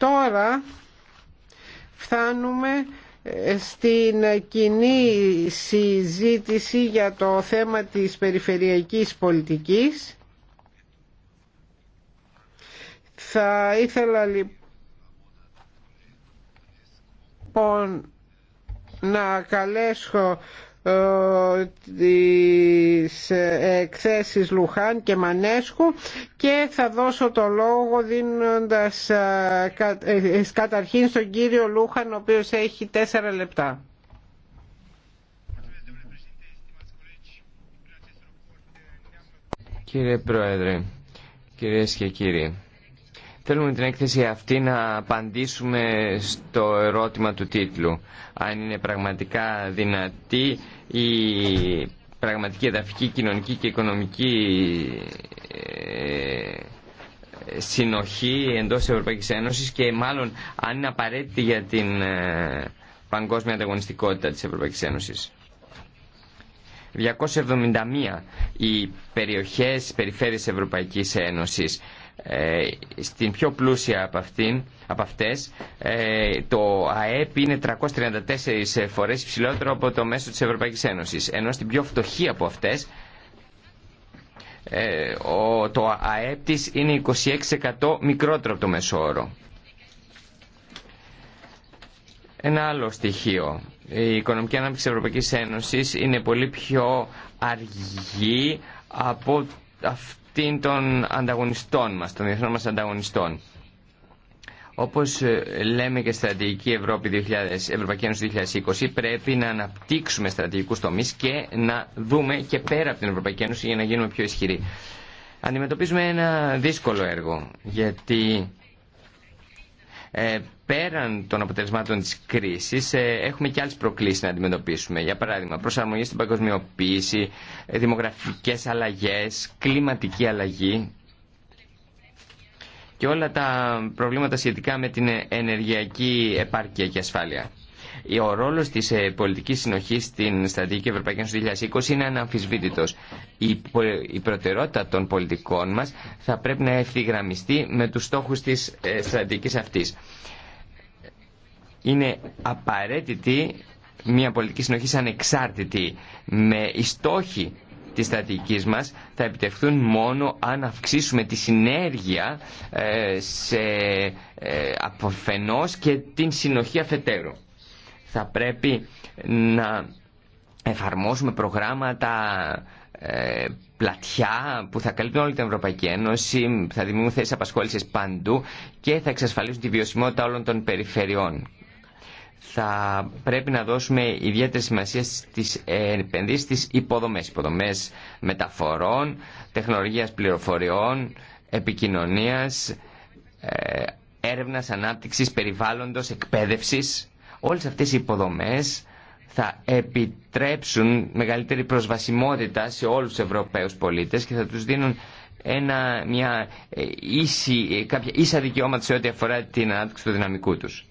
Τώρα φτάνουμε ε, στην κοινή συζήτηση για το θέμα της περιφερειακής πολιτικής. Θα ήθελα λοιπόν να καλέσω ε, τις ε, εκθέσεις Λουχάν και Μανέσκου και θα δώσω το λόγο δίνοντας ε, καταρχήν στον κύριο Λούχαν ο οποίος έχει τέσσερα λεπτά. Κύριε Πρόεδρε, κυρίες και κύριοι, Θέλουμε την έκθεση αυτή να απαντήσουμε στο ερώτημα του τίτλου. Αν είναι πραγματικά δυνατή η πραγματική εδαφική, κοινωνική και οικονομική ε, συνοχή εντός της Ευρωπαϊκής Ένωσης και μάλλον αν είναι απαραίτητη για την ε, παγκόσμια ανταγωνιστικότητα της Ευρωπαϊκής Ένωσης. 271 οι περιοχές, περιφέρειες Ευρωπαϊκής Ένωσης ε, στην πιο πλούσια από, αυτήν, αυτές ε, το ΑΕΠ είναι 334 φορές ψηλότερο από το μέσο της Ευρωπαϊκής Ένωσης ενώ στην πιο φτωχή από αυτές ε, το ΑΕΠ της είναι 26% μικρότερο από το μέσο όρο. Ένα άλλο στοιχείο. Η οικονομική ανάπτυξη της Ευρωπαϊκής Ένωσης είναι πολύ πιο αργή από αυτό την των ανταγωνιστών μας, των διεθνών μας ανταγωνιστών. Όπως ε, λέμε και στρατηγική Ευρώπη 2000, Ευρωπαϊκή Ένωση 2020, πρέπει να αναπτύξουμε στρατηγικούς τομείς και να δούμε και πέρα από την Ευρωπαϊκή Ένωση για να γίνουμε πιο ισχυροί. Αντιμετωπίζουμε ένα δύσκολο έργο, γιατί ε, πέραν των αποτελεσμάτων της κρίσης ε, έχουμε και άλλες προκλήσεις να αντιμετωπίσουμε. Για παράδειγμα, προσαρμογή στην παγκοσμιοποίηση, ε, δημογραφικές αλλαγές, κλιματική αλλαγή και όλα τα προβλήματα σχετικά με την ενεργειακή επάρκεια και ασφάλεια. Ο ρόλος της ε, πολιτικής συνοχής στην Στρατηγική Ευρωπαϊκή Ένωση 2020 είναι αναμφισβήτητος. Η προτεραιότητα των πολιτικών μας θα πρέπει να ευθυγραμμιστεί με τους στόχους της ε, στρατηγικής αυτής. Είναι απαραίτητη μια πολιτική συνοχή ανεξάρτητη με οι στόχοι της στρατηγικής μας θα επιτευχθούν μόνο αν αυξήσουμε τη συνέργεια ε, σε αποφενός και την συνοχή αφετέρου. Θα πρέπει να εφαρμόσουμε προγράμματα ε, πλατιά που θα καλύπτουν όλη την Ευρωπαϊκή Ένωση, θα δημιουργούν θέσει απασχόληση παντού και θα εξασφαλίσουν τη βιωσιμότητα όλων των περιφερειών. Θα πρέπει να δώσουμε ιδιαίτερη σημασία στις ε, επενδύσεις στις υποδομές, υποδομές μεταφορών, τεχνολογίας πληροφοριών, επικοινωνίας, ε, έρευνας, ανάπτυξης, περιβάλλοντος, εκπαίδευσης Όλες αυτές οι υποδομές θα επιτρέψουν μεγαλύτερη προσβασιμότητα σε όλους τους Ευρωπαίους πολίτες και θα τους δίνουν ένα, μια ε, ίση, ε, κάποια ίσα δικαιώματα σε ό,τι αφορά την ανάπτυξη του δυναμικού τους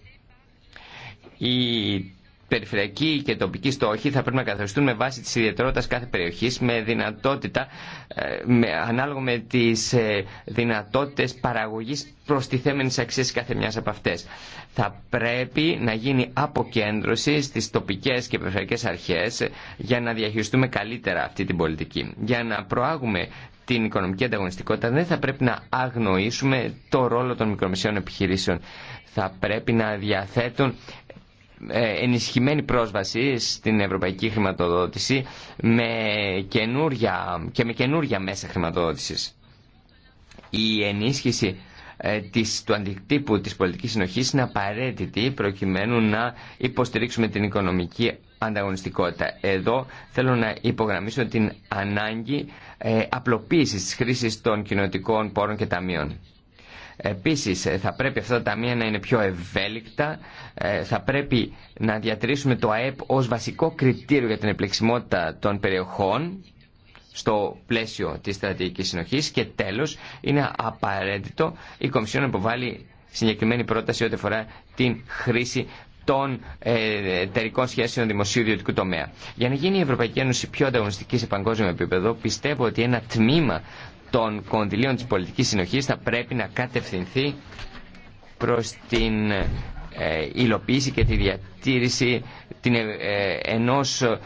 περιφερειακοί και τοπικοί στόχοι θα πρέπει να καθοριστούν με βάση τις ιδιαιτερότητες κάθε περιοχής με δυνατότητα, ε, με, ανάλογα με τις ε, δυνατότητες παραγωγής προστιθέμενης αξίας κάθε μιας από αυτές. Θα πρέπει να γίνει αποκέντρωση στις τοπικές και περιφερειακές αρχές ε, για να διαχειριστούμε καλύτερα αυτή την πολιτική. Για να προάγουμε την οικονομική ανταγωνιστικότητα δεν θα πρέπει να αγνοήσουμε το ρόλο των μικρομεσαίων επιχειρήσεων. Θα πρέπει να διαθέτουν ε, ενισχυμένη πρόσβαση στην ευρωπαϊκή χρηματοδότηση με καινούρια, και με καινούρια μέσα χρηματοδότησης. Η ενίσχυση ε, της, του αντικτύπου της πολιτικής συνοχής είναι απαραίτητη προκειμένου να υποστηρίξουμε την οικονομική ανταγωνιστικότητα. Εδώ θέλω να υπογραμμίσω την ανάγκη ε, απλοποίησης της χρήσης των κοινωτικών πόρων και ταμείων. Επίσης ε, θα πρέπει αυτά τα ταμεία να είναι πιο ευέλικτα, ε, θα πρέπει να διατηρήσουμε το ΑΕΠ ως βασικό κριτήριο για την επλεξιμότητα των περιοχών στο πλαίσιο της στρατηγικής συνοχής και τέλος είναι απαραίτητο η Κομισιόν να υποβάλει συγκεκριμένη πρόταση ό,τι αφορά την χρήση των ε, εταιρικών σχέσεων δημοσίου ιδιωτικού τομέα. Για να γίνει η Ευρωπαϊκή Ένωση πιο ανταγωνιστική σε παγκόσμιο επίπεδο, πιστεύω ότι ένα τμήμα των κονδυλίων της πολιτικής συνοχής θα πρέπει να κατευθυνθεί προς την ε, υλοποίηση και τη διατήρηση την, ε, ενός ε,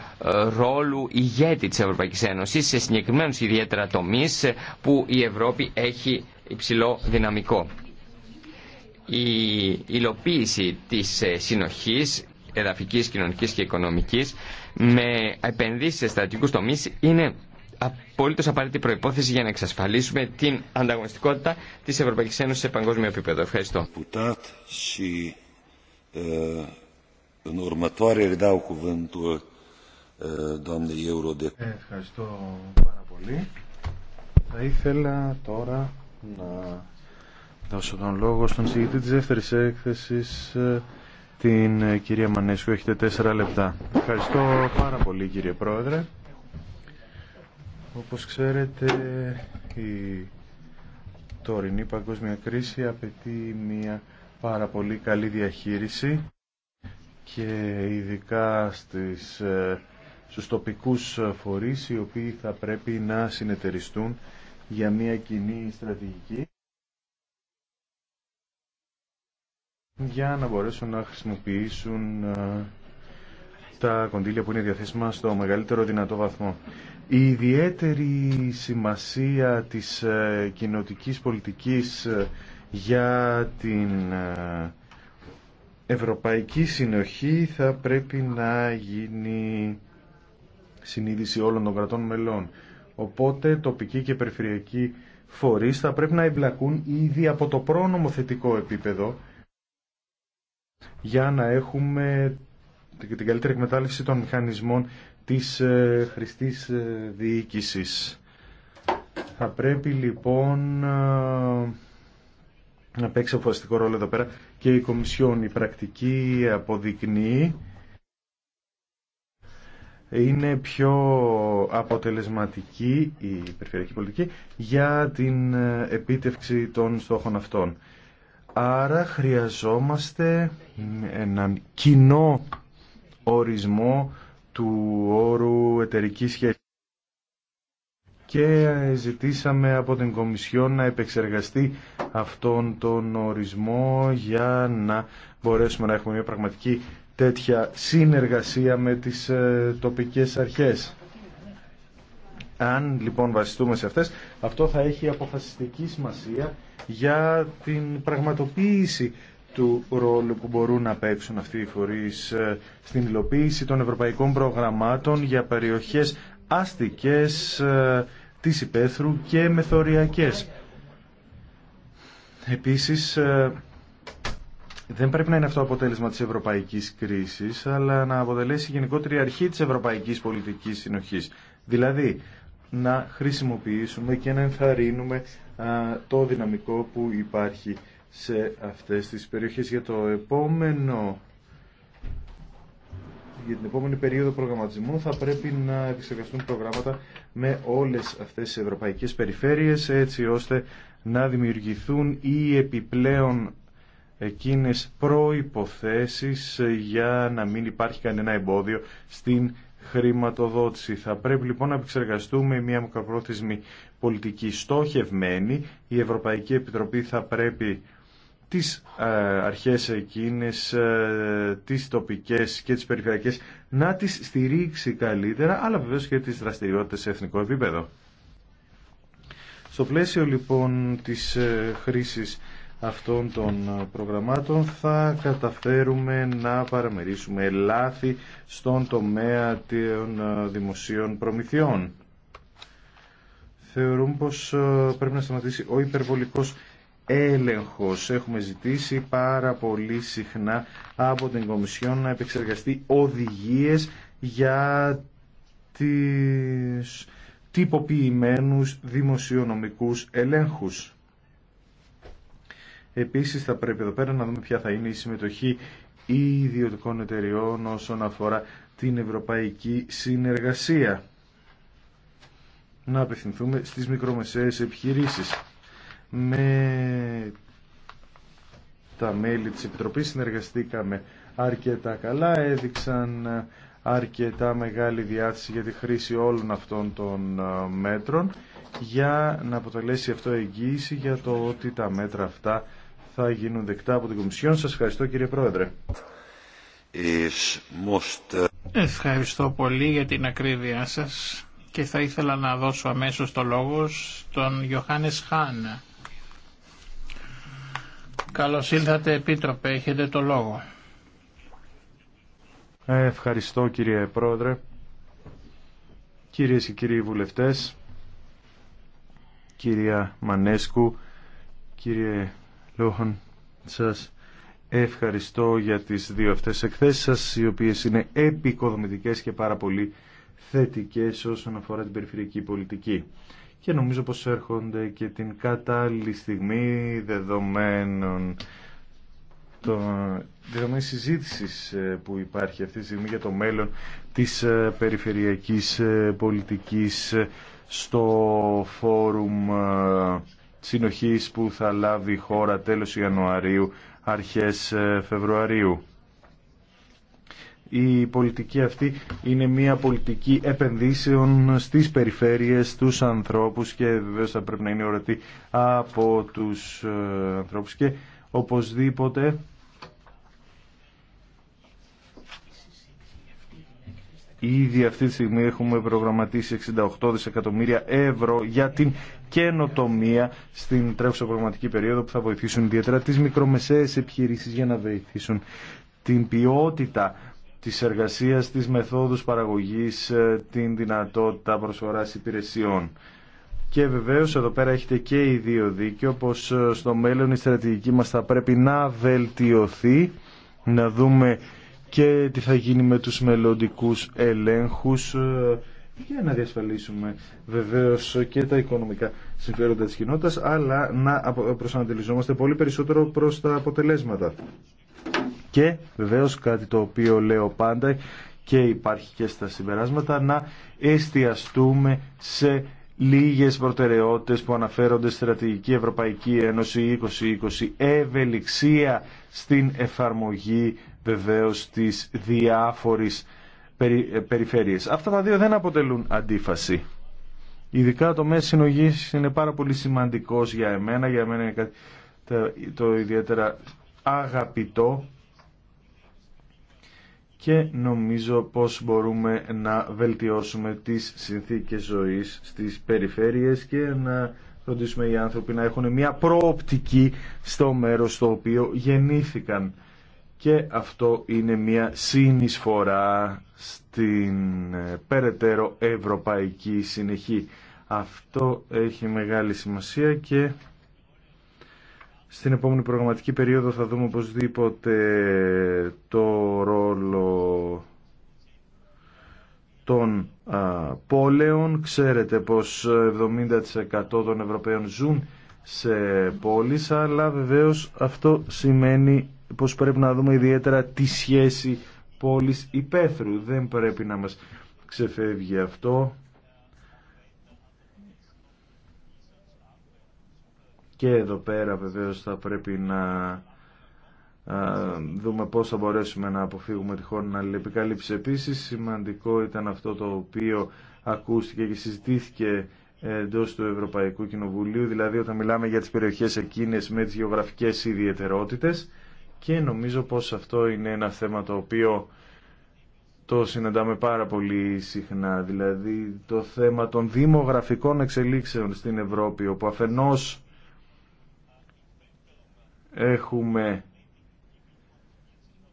ρόλου ηγέτη της Ευρωπαϊκής Ένωσης σε συγκεκριμένους ιδιαίτερα τομείς που η Ευρώπη έχει υψηλό δυναμικό. Η υλοποίηση της συνοχής εδαφικής, κοινωνικής και οικονομικής με επενδύσεις σε στρατηγικούς τομείς είναι απόλυτο απαραίτητη προπόθεση για να εξασφαλίσουμε την ανταγωνιστικότητα τη Ευρωπαϊκή Ένωση σε παγκόσμιο επίπεδο. Ευχαριστώ. Ε, ε, ε, ευχαριστώ πάρα πολύ. Θα ήθελα τώρα να δώσω τον λόγο στον συγκεκριτή της δεύτερης έκθεσης την κυρία Μανέσκου. Έχετε τέσσερα λεπτά. Ευχαριστώ πάρα πολύ κύριε Πρόεδρε. Όπως ξέρετε, η τωρινή παγκόσμια κρίση απαιτεί μια πάρα πολύ καλή διαχείριση και ειδικά στις, ε, στους τοπικούς φορείς οι οποίοι θα πρέπει να συνεταιριστούν για μια κοινή στρατηγική για να μπορέσουν να χρησιμοποιήσουν ε, τα κονδύλια που είναι διαθέσιμα στο μεγαλύτερο δυνατό βαθμό. Η ιδιαίτερη σημασία της ε, κοινοτικής πολιτικής ε, για την ε, ευρωπαϊκή συνοχή θα πρέπει να γίνει συνείδηση όλων των κρατών μελών. Οπότε τοπική και περιφερειακή φορείς θα πρέπει να εμπλακούν ήδη από το προνομοθετικό επίπεδο για να έχουμε την καλύτερη εκμετάλλευση των μηχανισμών της ε, χρηστής ε, διοίκησης. Θα πρέπει λοιπόν ε, να παίξει αποφασιστικό ρόλο εδώ πέρα και η Κομισιόν. Η πρακτική αποδεικνύει είναι πιο αποτελεσματική η περιφερειακή πολιτική για την επίτευξη των στόχων αυτών. Άρα χρειαζόμαστε έναν κοινό ορισμό του όρου εταιρική σχέση. Και ζητήσαμε από την Κομισιό να επεξεργαστεί αυτόν τον ορισμό για να μπορέσουμε να έχουμε μια πραγματική τέτοια συνεργασία με τις ε, τοπικές αρχές. Αν λοιπόν βασιστούμε σε αυτές, αυτό θα έχει αποφασιστική σημασία για την πραγματοποίηση του ρόλου που μπορούν να παίξουν αυτοί οι φορείς ε, στην υλοποίηση των ευρωπαϊκών προγραμμάτων για περιοχές άστικες ε, της υπαίθρου και μεθοριακές. Επίσης, ε, δεν πρέπει να είναι αυτό αποτέλεσμα της ευρωπαϊκής κρίσης, αλλά να αποτελέσει γενικότερη αρχή της ευρωπαϊκής πολιτικής συνοχής. Δηλαδή, να χρησιμοποιήσουμε και να ενθαρρύνουμε το δυναμικό που υπάρχει σε αυτές τις περιοχές για το επόμενο για την επόμενη περίοδο προγραμματισμού θα πρέπει να επεξεργαστούν προγράμματα με όλες αυτές τις ευρωπαϊκές περιφέρειες έτσι ώστε να δημιουργηθούν ή επιπλέον εκείνες προϋποθέσεις για να μην υπάρχει κανένα εμπόδιο στην χρηματοδότηση. Θα πρέπει λοιπόν να επεξεργαστούμε μια μικροπρόθεσμη πολιτική στόχευμένη. Η Ευρωπαϊκή Επιτροπή θα πρέπει τις ε, αρχές εκείνες, ε, τις τοπικές και τις περιφερειακές, να τις στηρίξει καλύτερα, αλλά βεβαίως και τις δραστηριότητες σε εθνικό επίπεδο. Στο πλαίσιο λοιπόν της ε, χρήσης αυτών των προγραμμάτων θα καταφέρουμε να παραμερίσουμε λάθη στον τομέα των δημοσίων προμηθειών. Θεωρούμε πως πρέπει να σταματήσει ο υπερβολικός έλεγχος. Έχουμε ζητήσει πάρα πολύ συχνά από την Κομισιόν να επεξεργαστεί οδηγίες για τις τυποποιημένους δημοσιονομικούς ελέγχους. Επίσης θα πρέπει εδώ πέρα να δούμε ποια θα είναι η συμμετοχή ιδιωτικών εταιριών όσον αφορά την ευρωπαϊκή συνεργασία. Να απευθυνθούμε στις μικρομεσαίες επιχειρήσεις με τα μέλη της Επιτροπής συνεργαστήκαμε αρκετά καλά, έδειξαν αρκετά μεγάλη διάθεση για τη χρήση όλων αυτών των μέτρων για να αποτελέσει αυτό εγγύηση για το ότι τα μέτρα αυτά θα γίνουν δεκτά από την Κομισιόν. Σας ευχαριστώ κύριε Πρόεδρε. Uh, ευχαριστώ πολύ για την ακρίβειά σας και θα ήθελα να δώσω αμέσως το λόγο στον Ιωάννης Χάνα Καλώς ήλθατε Επίτροπε, έχετε το λόγο. Ευχαριστώ κύριε Πρόεδρε, κύριε και κύριοι βουλευτές, κυρία Μανέσκου, κύριε Λόχον, σας ευχαριστώ για τις δύο αυτές εκθέσεις σας, οι οποίες είναι επικοδομητικές και πάρα πολύ θετικές όσον αφορά την περιφερειακή πολιτική και νομίζω πως έρχονται και την κατάλληλη στιγμή δεδομένων το δεδομένη συζήτηση ε, που υπάρχει αυτή τη στιγμή για το μέλλον της ε, περιφερειακής ε, πολιτικής στο φόρουμ συνοχής που θα λάβει η χώρα τέλος Ιανουαρίου, αρχές Φεβρουαρίου η πολιτική αυτή είναι μια πολιτική επενδύσεων στις περιφέρειες, στους ανθρώπους και βεβαίως θα πρέπει να είναι ορατή από τους ε, ανθρώπους και οπωσδήποτε Ήδη αυτή τη στιγμή έχουμε προγραμματίσει 68 δισεκατομμύρια ευρώ για την καινοτομία στην τρέχουσα προγραμματική περίοδο που θα βοηθήσουν ιδιαίτερα τις μικρομεσαίες επιχειρήσεις για να βοηθήσουν την ποιότητα της εργασίας, της μεθόδους παραγωγής, ε, την δυνατότητα προσφοράς υπηρεσιών. Και βεβαίως εδώ πέρα έχετε και οι δύο δίκαιο, πως ε, στο μέλλον η στρατηγική μας θα πρέπει να βελτιωθεί, να δούμε και τι θα γίνει με τους μελλοντικού ελέγχους ε, για να διασφαλίσουμε βεβαίως και τα οικονομικά συμφέροντα της κοινότητας αλλά να προσανατολιζόμαστε πολύ περισσότερο προς τα αποτελέσματα και βεβαίως κάτι το οποίο λέω πάντα και υπάρχει και στα συμπεράσματα να εστιαστούμε σε λίγες προτεραιότητες που αναφέρονται στρατηγική Ευρωπαϊκή Ένωση 2020 ευελιξία στην εφαρμογή βεβαίως της διάφορης ε, περιφέρειες. Αυτά τα δύο δεν αποτελούν αντίφαση. Ειδικά το μέσο συνογή είναι πάρα πολύ σημαντικός για εμένα. Για εμένα είναι κάτι το ιδιαίτερα αγαπητό και νομίζω πως μπορούμε να βελτιώσουμε τις συνθήκες ζωής στις περιφέρειες και να φροντίσουμε οι άνθρωποι να έχουν μια προοπτική στο μέρος στο οποίο γεννήθηκαν. Και αυτό είναι μια συνεισφορά στην ε, περαιτέρω ευρωπαϊκή συνεχή. Αυτό έχει μεγάλη σημασία και στην επόμενη προγραμματική περίοδο θα δούμε οπωσδήποτε το ρόλο των πόλεων. Ξέρετε πως 70% των Ευρωπαίων ζουν σε πόλεις, αλλά βεβαίως αυτό σημαίνει πως πρέπει να δούμε ιδιαίτερα τη σχέση πόλης πόλης-υπέθρου. Δεν πρέπει να μας ξεφεύγει αυτό Και εδώ πέρα βεβαίως θα πρέπει να δούμε πώς θα μπορέσουμε να αποφύγουμε τυχόν αλληλεπικάλυψη. Επίσης σημαντικό ήταν αυτό το οποίο ακούστηκε και συζητήθηκε εντό του Ευρωπαϊκού Κοινοβουλίου, δηλαδή όταν μιλάμε για τις περιοχές εκείνες με τις γεωγραφικές ιδιαιτερότητες και νομίζω πως αυτό είναι ένα θέμα το οποίο το συναντάμε πάρα πολύ συχνά, δηλαδή το θέμα των δημογραφικών εξελίξεων στην Ευρώπη, όπου αφενός έχουμε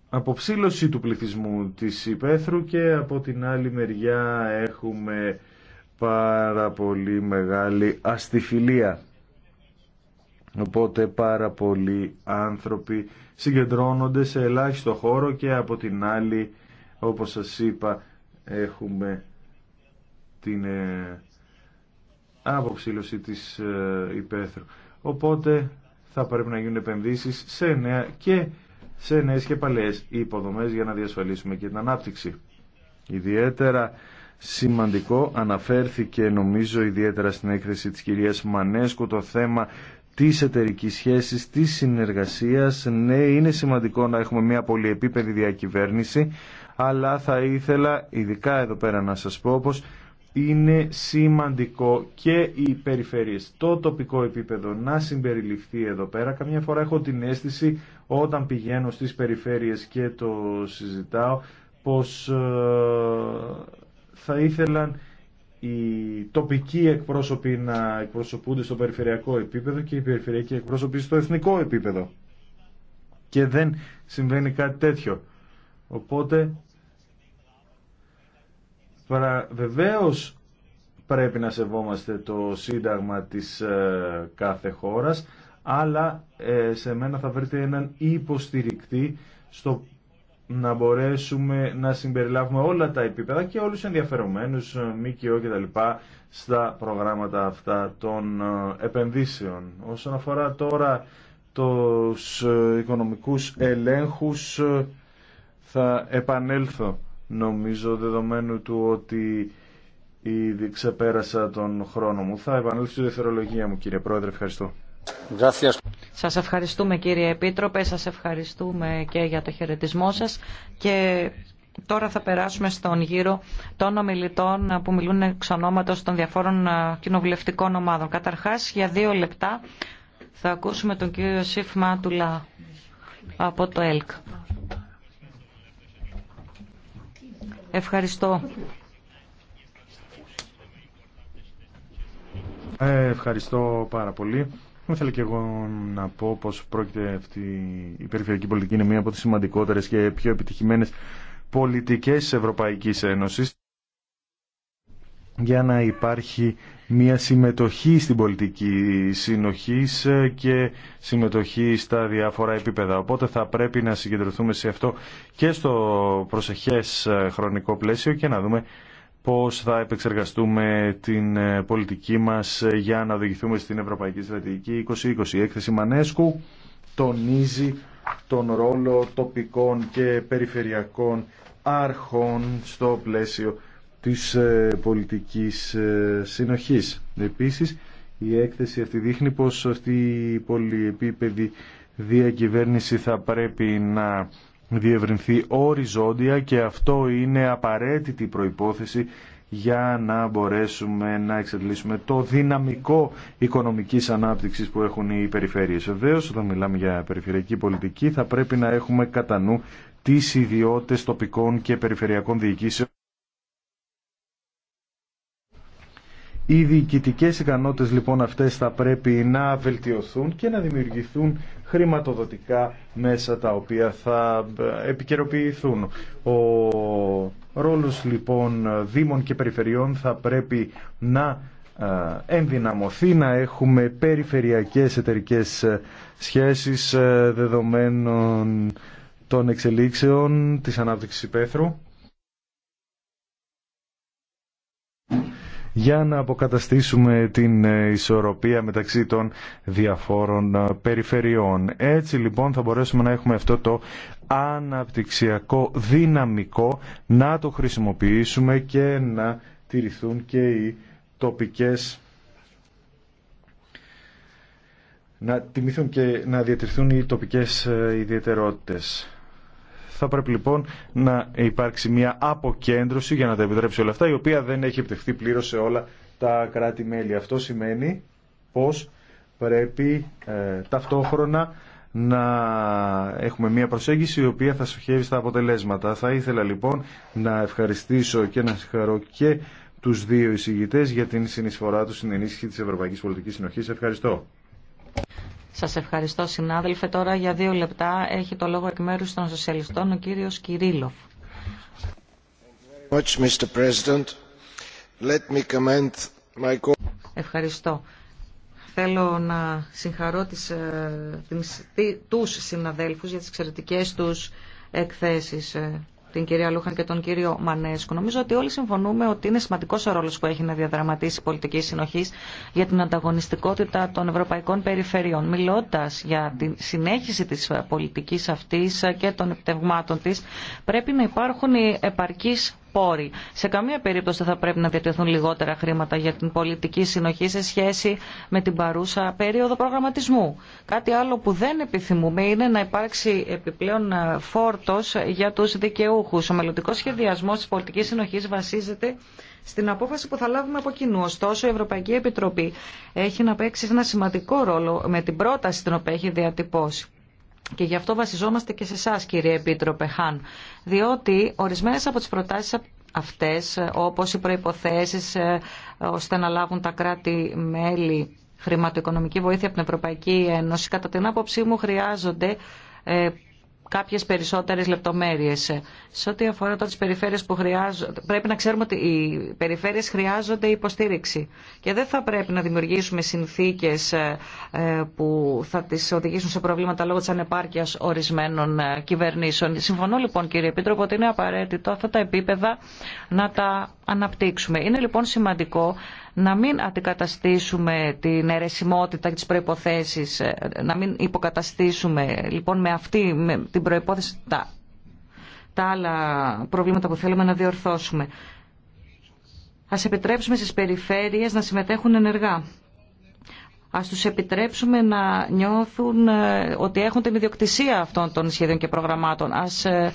αποψήλωση του πληθυσμού της υπαίθρου και από την άλλη μεριά έχουμε πάρα πολύ μεγάλη αστιφιλία. Οπότε πάρα πολλοί άνθρωποι συγκεντρώνονται σε ελάχιστο χώρο και από την άλλη, όπως σας είπα, έχουμε την ε, αποψήλωση της ε, υπαίθρου. Οπότε θα πρέπει να γίνουν επενδύσεις σε νέα και σε νέες και παλαιές υποδομές για να διασφαλίσουμε και την ανάπτυξη. Ιδιαίτερα σημαντικό αναφέρθηκε νομίζω ιδιαίτερα στην έκθεση της κυρίας Μανέσκου το θέμα της εταιρική σχέση, της συνεργασίας. Ναι, είναι σημαντικό να έχουμε μια πολυεπίπεδη διακυβέρνηση, αλλά θα ήθελα ειδικά εδώ πέρα να σας πω πως είναι σημαντικό και οι περιφέρειες, το τοπικό επίπεδο να συμπεριληφθεί εδώ πέρα. Καμιά φορά έχω την αίσθηση όταν πηγαίνω στις περιφέρειες και το συζητάω πως ε, θα ήθελαν οι τοπικοί εκπρόσωποι να εκπροσωπούνται στο περιφερειακό επίπεδο και οι περιφερειακοί εκπρόσωποι στο εθνικό επίπεδο. Και δεν συμβαίνει κάτι τέτοιο. Οπότε Βεβαίως πρέπει να σεβόμαστε το σύνταγμα της ε, κάθε χώρας, αλλά ε, σε μένα θα βρείτε έναν υποστηρικτή στο να μπορέσουμε να συμπεριλάβουμε όλα τα επίπεδα και όλους τους ενδιαφερομένους, ε, ΜΚΟ και τα λοιπά, στα προγράμματα αυτά των επενδύσεων. Όσον αφορά τώρα τους οικονομικούς ελέγχους, θα επανέλθω νομίζω δεδομένου του ότι ήδη ξεπέρασα τον χρόνο μου. Θα επανέλθω στη δευτερολογία μου κύριε Πρόεδρε. Ευχαριστώ. Σα Σας ευχαριστούμε κύριε Επίτροπε, σας ευχαριστούμε και για το χαιρετισμό σας και τώρα θα περάσουμε στον γύρο των ομιλητών που μιλούν εξ ονόματος των διαφόρων κοινοβουλευτικών ομάδων. Καταρχάς για δύο λεπτά θα ακούσουμε τον κύριο Σιφ Μάτουλα από το ΕΛΚ. Ευχαριστώ. Ε, ευχαριστώ πάρα πολύ. Ήθελα και εγώ να πω πως πρόκειται αυτή η περιφερειακή πολιτική είναι μία από τις σημαντικότερες και πιο επιτυχημένες πολιτικές της Ευρωπαϊκής Ένωσης για να υπάρχει μια συμμετοχή στην πολιτική συνοχής ε, και συμμετοχή στα διάφορα επίπεδα. Οπότε θα πρέπει να συγκεντρωθούμε σε αυτό και στο προσεχές ε, χρονικό πλαίσιο και να δούμε πώς θα επεξεργαστούμε την ε, πολιτική μας για να οδηγηθούμε στην Ευρωπαϊκή Στρατηγική 2020. Η έκθεση Μανέσκου τονίζει τον ρόλο τοπικών και περιφερειακών άρχων στο πλαίσιο της ε, πολιτικής ε, συνοχής. Επίσης, η έκθεση αυτή δείχνει πως αυτή η πολυεπίπεδη διακυβέρνηση θα πρέπει να διευρυνθεί οριζόντια και αυτό είναι απαραίτητη προϋπόθεση για να μπορέσουμε να εξαντλήσουμε το δυναμικό οικονομικής ανάπτυξης που έχουν οι περιφέρειες. Βεβαίω, όταν μιλάμε για περιφερειακή πολιτική θα πρέπει να έχουμε κατά νου τις ιδιότητες τοπικών και περιφερειακών διοικήσεων Οι διοικητικέ ικανότητε λοιπόν αυτές θα πρέπει να βελτιωθούν και να δημιουργηθούν χρηματοδοτικά μέσα τα οποία θα ε, επικαιροποιηθούν. Ο ρόλος λοιπόν δήμων και περιφερειών θα πρέπει να ε, ενδυναμωθεί, να έχουμε περιφερειακές εταιρικέ ε, σχέσεις δεδομένων των εξελίξεων της ανάπτυξης υπαίθρου για να αποκαταστήσουμε την ε, ισορροπία μεταξύ των διαφόρων ε, περιφερειών. Έτσι λοιπόν θα μπορέσουμε να έχουμε αυτό το αναπτυξιακό δυναμικό να το χρησιμοποιήσουμε και να τηρηθούν και οι τοπικές να τιμηθούν και να διατηρηθούν οι τοπικές ε, ιδιαιτερότητες. Θα πρέπει λοιπόν να υπάρξει μια αποκέντρωση για να τα επιτρέψει όλα αυτά, η οποία δεν έχει επιτευχθεί πλήρως σε όλα τα κράτη-μέλη. Αυτό σημαίνει πως πρέπει ε, ταυτόχρονα να έχουμε μια προσέγγιση η οποία θα σοχεύει στα αποτελέσματα. Θα ήθελα λοιπόν να ευχαριστήσω και να συγχαρώ και τους δύο εισηγητές για την συνεισφορά τους στην ενίσχυση της Ευρωπαϊκής Πολιτικής Συνοχής. Ευχαριστώ. Σας ευχαριστώ συνάδελφε. Τώρα για δύο λεπτά έχει το λόγο εκ μέρου των σοσιαλιστών ο κύριος Κυρίλοφ. Ευχαριστώ. Θέλω να συγχαρώ ε, τις, τις, τους συναδέλφους για τις εξαιρετικές τους εκθέσεις. Ε, την κυρία Λούχαν και τον κύριο Μανέσκου. Νομίζω ότι όλοι συμφωνούμε ότι είναι σημαντικό ο ρόλο που έχει να διαδραματίσει η πολιτική συνοχή για την ανταγωνιστικότητα των ευρωπαϊκών περιφερειών. Μιλώντα για τη συνέχιση τη πολιτική αυτή και των επιτευγμάτων τη, πρέπει να υπάρχουν οι επαρκεί πόροι. Σε καμία περίπτωση θα πρέπει να διατεθούν λιγότερα χρήματα για την πολιτική συνοχή σε σχέση με την παρούσα περίοδο προγραμματισμού. Κάτι άλλο που δεν επιθυμούμε είναι να υπάρξει επιπλέον ε, φόρτο για του δικαιούχου. Ο μελλοντικό σχεδιασμό τη πολιτική συνοχή βασίζεται στην απόφαση που θα λάβουμε από κοινού. Ωστόσο, η Ευρωπαϊκή Επιτροπή έχει να παίξει ένα σημαντικό ρόλο με την πρόταση την οποία έχει διατυπώσει. Και γι' αυτό βασιζόμαστε και σε εσά, κύριε Επίτροπε Χάν, διότι ορισμένες από τις προτάσεις αυτές, όπως οι προποθέσει ε, ώστε να λάβουν τα κράτη-μέλη χρηματοοικονομική βοήθεια από την Ευρωπαϊκή Ένωση, κατά την άποψή μου χρειάζονται ε, κάποιες περισσότερες λεπτομέρειες. Σε ό,τι αφορά τώρα τις περιφέρειες που χρειάζονται, πρέπει να ξέρουμε ότι οι περιφέρειες χρειάζονται υποστήριξη και δεν θα πρέπει να δημιουργήσουμε συνθήκες ε, ε, που θα τις οδηγήσουν σε προβλήματα λόγω τη ανεπάρκειας ορισμένων ε, κυβερνήσεων. Συμφωνώ λοιπόν κύριε Επίτροπο ότι είναι απαραίτητο αυτά τα επίπεδα να τα αναπτύξουμε. Είναι λοιπόν σημαντικό να μην αντικαταστήσουμε την αιρεσιμότητα και τις προϋποθέσεις, ε, να μην υποκαταστήσουμε λοιπόν με αυτή με την προϋπόθεση τα, τα άλλα προβλήματα που θέλουμε να διορθώσουμε. Ας επιτρέψουμε στις περιφέρειες να συμμετέχουν ενεργά. Ας τους επιτρέψουμε να νιώθουν ε, ότι έχουν την ιδιοκτησία αυτών των σχεδίων και προγραμμάτων. Ε,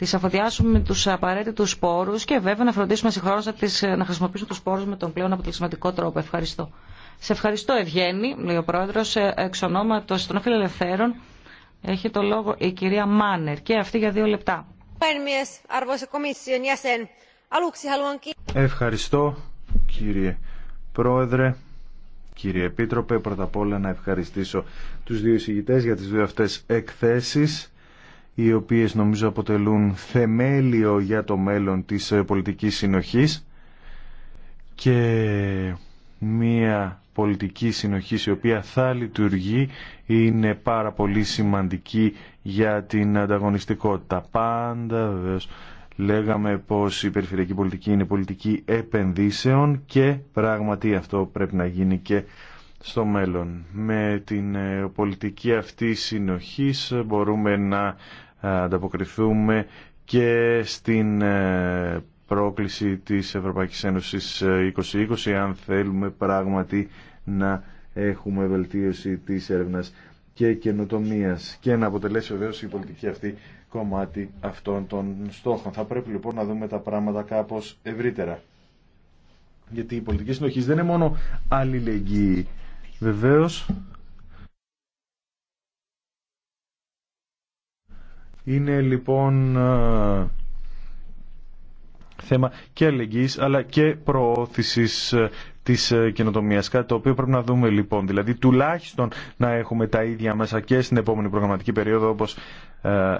τις αφοδιάσουμε με τους απαραίτητους σπόρους και βέβαια να φροντίσουμε συγχρόνως να, να χρησιμοποιήσουμε τους σπόρους με τον πλέον αποτελεσματικό τρόπο. Ευχαριστώ. Σε ευχαριστώ Ευγένη, λέει ο Πρόεδρος, ε, εξ ονόματος των Φιλελευθέρων. Έχει το λόγο η κυρία Μάνερ και αυτή για δύο λεπτά. Ευχαριστώ κύριε Πρόεδρε, κύριε Επίτροπε. Πρώτα απ' όλα να ευχαριστήσω τους δύο εισηγητές για τις δύο αυτές εκθέσεις οι οποίες νομίζω αποτελούν θεμέλιο για το μέλλον της ε, πολιτικής συνοχής και μια πολιτική συνοχή η οποία θα λειτουργεί είναι πάρα πολύ σημαντική για την ανταγωνιστικότητα. Πάντα βεβαίως λέγαμε πως η περιφερειακή πολιτική είναι πολιτική επενδύσεων και πράγματι αυτό πρέπει να γίνει και στο μέλλον. Με την ε, πολιτική αυτή συνοχής μπορούμε να ε, ανταποκριθούμε και στην ε, πρόκληση της Ευρωπαϊκής Ένωσης 2020 αν θέλουμε πράγματι να έχουμε βελτίωση της έρευνας και καινοτομίας και να αποτελέσει βεβαίως η πολιτική αυτή κομμάτι αυτών των στόχων. Θα πρέπει λοιπόν να δούμε τα πράγματα κάπως ευρύτερα. Γιατί η πολιτική συνοχή δεν είναι μόνο αλληλεγγύη Βεβαίως είναι λοιπόν θέμα και αλληλεγγύης αλλά και προώθησης της καινοτομίας. Κάτι το οποίο πρέπει να δούμε λοιπόν. Δηλαδή τουλάχιστον να έχουμε τα ίδια μέσα και στην επόμενη προγραμματική περίοδο όπως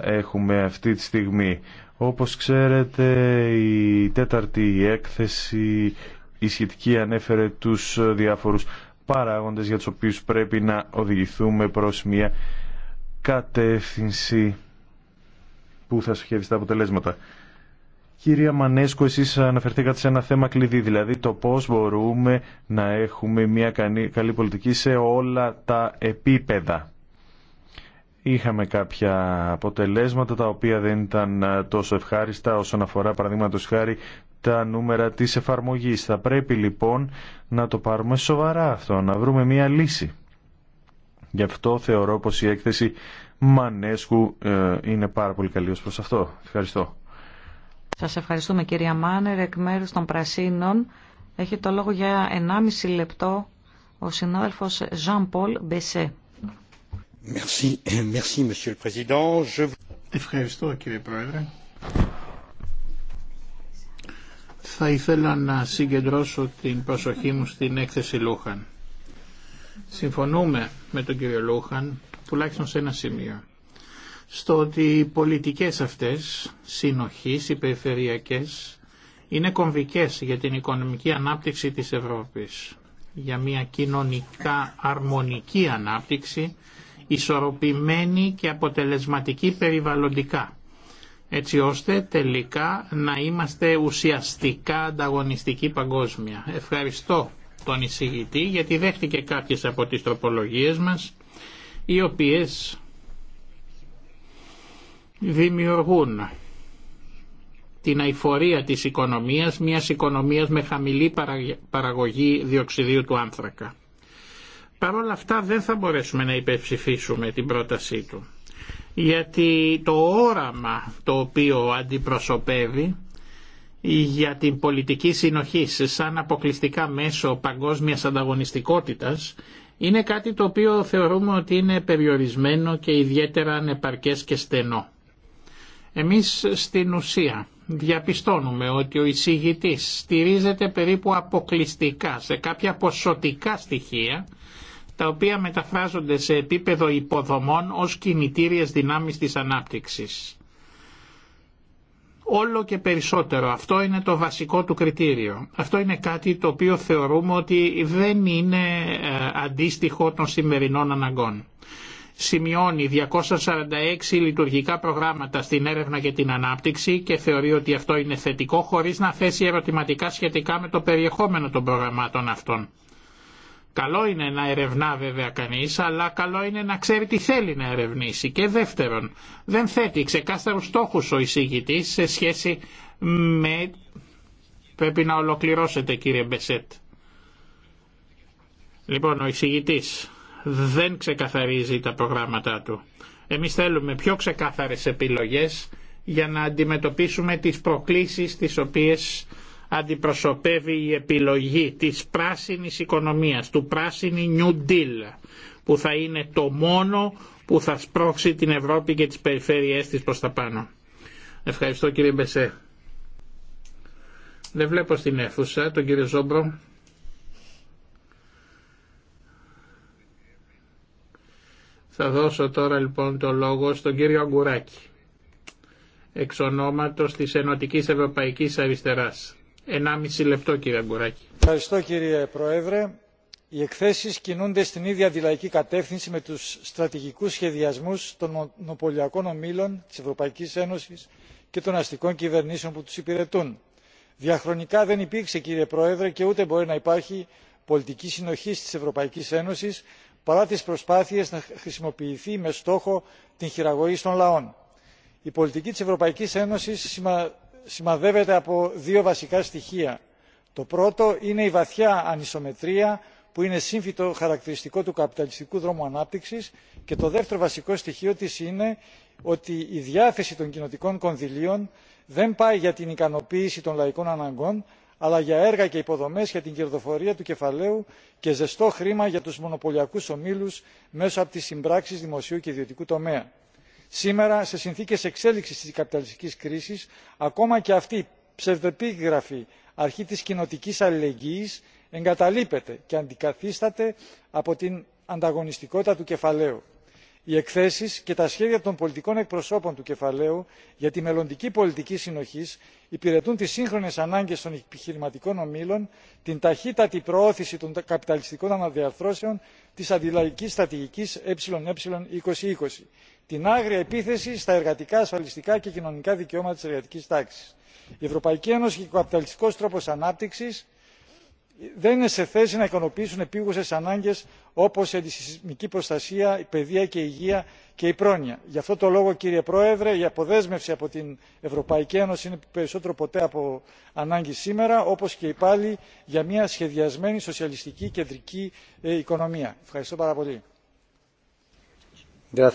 έχουμε αυτή τη στιγμή. Όπως ξέρετε η τέταρτη έκθεση η σχετική ανέφερε τους διάφορους παράγοντες για τους οποίους πρέπει να οδηγηθούμε προς μια κατεύθυνση που θα σχεδίσει τα αποτελέσματα. Κυρία Μανέσκο, εσείς αναφερθήκατε σε ένα θέμα κλειδί, δηλαδή το πώς μπορούμε να έχουμε μια καλή πολιτική σε όλα τα επίπεδα. Είχαμε κάποια αποτελέσματα τα οποία δεν ήταν τόσο ευχάριστα όσον αφορά παραδείγματο χάρη τα νούμερα της εφαρμογής. Θα πρέπει λοιπόν να το πάρουμε σοβαρά αυτό, να βρούμε μία λύση. Γι' αυτό θεωρώ πως η έκθεση Μανέσκου ε, είναι πάρα πολύ καλή ως προς αυτό. Ευχαριστώ. Σας ευχαριστούμε κυρία Μάνερ. Εκ μέρου των Πρασίνων έχει το λόγο για 1,5 λεπτό ο συνάδελφος Ζαν Πολ Μπεσέ. Ευχαριστώ κύριε Πρόεδρε. θα ήθελα να συγκεντρώσω την προσοχή μου στην έκθεση Λούχαν. Συμφωνούμε με τον κύριο Λούχαν, τουλάχιστον σε ένα σημείο, στο ότι οι πολιτικές αυτές, συνοχής, οι περιφερειακές, είναι κομβικές για την οικονομική ανάπτυξη της Ευρώπης, για μια κοινωνικά αρμονική ανάπτυξη, ισορροπημένη και αποτελεσματική περιβαλλοντικά έτσι ώστε τελικά να είμαστε ουσιαστικά ανταγωνιστικοί παγκόσμια. Ευχαριστώ τον εισηγητή γιατί δέχτηκε κάποιες από τις τροπολογίες μας οι οποίες δημιουργούν την αηφορία της οικονομίας, μιας οικονομίας με χαμηλή παραγωγή διοξιδίου του άνθρακα. Παρ' όλα αυτά δεν θα μπορέσουμε να υπερψηφίσουμε την πρότασή του γιατί το όραμα το οποίο αντιπροσωπεύει για την πολιτική συνοχή σαν αποκλειστικά μέσο παγκόσμιας ανταγωνιστικότητας είναι κάτι το οποίο θεωρούμε ότι είναι περιορισμένο και ιδιαίτερα ανεπαρκές και στενό. Εμείς στην ουσία διαπιστώνουμε ότι ο εισηγητής στηρίζεται περίπου αποκλειστικά σε κάποια ποσοτικά στοιχεία τα οποία μεταφράζονται σε επίπεδο υποδομών ως κινητήριες δυνάμεις της ανάπτυξης. Όλο και περισσότερο. Αυτό είναι το βασικό του κριτήριο. Αυτό είναι κάτι το οποίο θεωρούμε ότι δεν είναι ε, αντίστοιχο των σημερινών αναγκών. Σημειώνει 246 λειτουργικά προγράμματα στην έρευνα και την ανάπτυξη και θεωρεί ότι αυτό είναι θετικό χωρίς να θέσει ερωτηματικά σχετικά με το περιεχόμενο των προγραμμάτων αυτών. Καλό είναι να ερευνά βέβαια κανείς, αλλά καλό είναι να ξέρει τι θέλει να ερευνήσει. Και δεύτερον, δεν θέτει ξεκάθαρους στόχους ο εισηγητής σε σχέση με... Πρέπει να ολοκληρώσετε κύριε Μπεσέτ. Λοιπόν, ο εισηγητής δεν ξεκαθαρίζει τα προγράμματά του. Εμείς θέλουμε πιο ξεκάθαρες επιλογές για να αντιμετωπίσουμε τις προκλήσεις τις οποίες αντιπροσωπεύει η επιλογή της πράσινης οικονομίας, του πράσινη New Deal, που θα είναι το μόνο που θα σπρώξει την Ευρώπη και τις περιφέρειές της προς τα πάνω. Ευχαριστώ κύριε Μπεσέ. Δεν βλέπω στην αίθουσα τον κύριο Ζόμπρο. Θα δώσω τώρα λοιπόν το λόγο στον κύριο Αγκουράκη, εξ ονόματος της Ενωτικής Ευρωπαϊκής Αριστεράς. 1,5 λεπτό κύριε Αγκουράκη. Ευχαριστώ κύριε Πρόεδρε. Οι εκθέσεις κινούνται στην ίδια αντιλαϊκή κατεύθυνση με τους στρατηγικούς σχεδιασμούς των μονοπωλιακών ομήλων της Ευρωπαϊκής Ένωσης και των αστικών κυβερνήσεων που τους υπηρετούν. Διαχρονικά δεν υπήρξε κύριε Πρόεδρε και ούτε μπορεί να υπάρχει πολιτική συνοχή της Ευρωπαϊκής Ένωσης παρά τις προσπάθειες να χρησιμοποιηθεί με στόχο την χειραγωγή των λαών. Η πολιτική της Ευρωπαϊκής Ένωσης σημαδεύεται από δύο βασικά στοιχεία το πρώτο είναι η βαθιά ανισομετρία που είναι σύμφυτο χαρακτηριστικό του καπιταλιστικού δρόμου ανάπτυξης και το δεύτερο βασικό στοιχείο της είναι ότι η διάθεση των κοινοτικών κονδυλίων δεν πάει για την ικανοποίηση των λαϊκών αναγκών αλλά για έργα και υποδομές για την κερδοφορία του κεφαλαίου και ζεστό χρήμα για τους μονοπωλιακούς ομίλους μέσω από τις συμπράξεις δημοσίου και ιδιωτικού τομέα σήμερα σε συνθήκες εξέλιξης της καπιταλιστικής κρίσης ακόμα και αυτή η ψευδεπίγραφη αρχή της κοινοτικής αλληλεγγύης εγκαταλείπεται και αντικαθίσταται από την ανταγωνιστικότητα του κεφαλαίου. οι εκθέσεις και τα σχέδια των πολιτικών εκπροσώπων του κεφαλαίου για τη μελλοντική πολιτική συνοχής υπηρετούν τις σύγχρονες ανάγκες των επιχειρηματικών ομήλων, την ταχύτατη προώθηση των καπιταλιστικών αναδιαρθρώσεων της αντιλαϊκής στρατηγικής εε 2020 την άγρια επίθεση στα εργατικά ασφαλιστικά και κοινωνικά δικαιώματα της εργατικής τάξης. η ευρωπαϊκή ένωση και ο καπιταλιστικός τρόπος ανάπτυξης δεν είναι σε θέση να ικανοποιήσουν επίγουσες ανάγκες όπως η αντισυσμική προστασία η παιδεία και η υγεία και η πρόνοια. γι' αυτό το λόγο κύριε πρόεδρε η αποδέσμευση από την ευρωπαϊκή ένωση είναι περισσότερο ποτέ από ανάγκη σήμερα όπως και η πάλι για μια σχεδιασμένη σοσιαλιστική κεντρική ε, οικονομία. ευχαριστώ πάρα πολύ. Eh,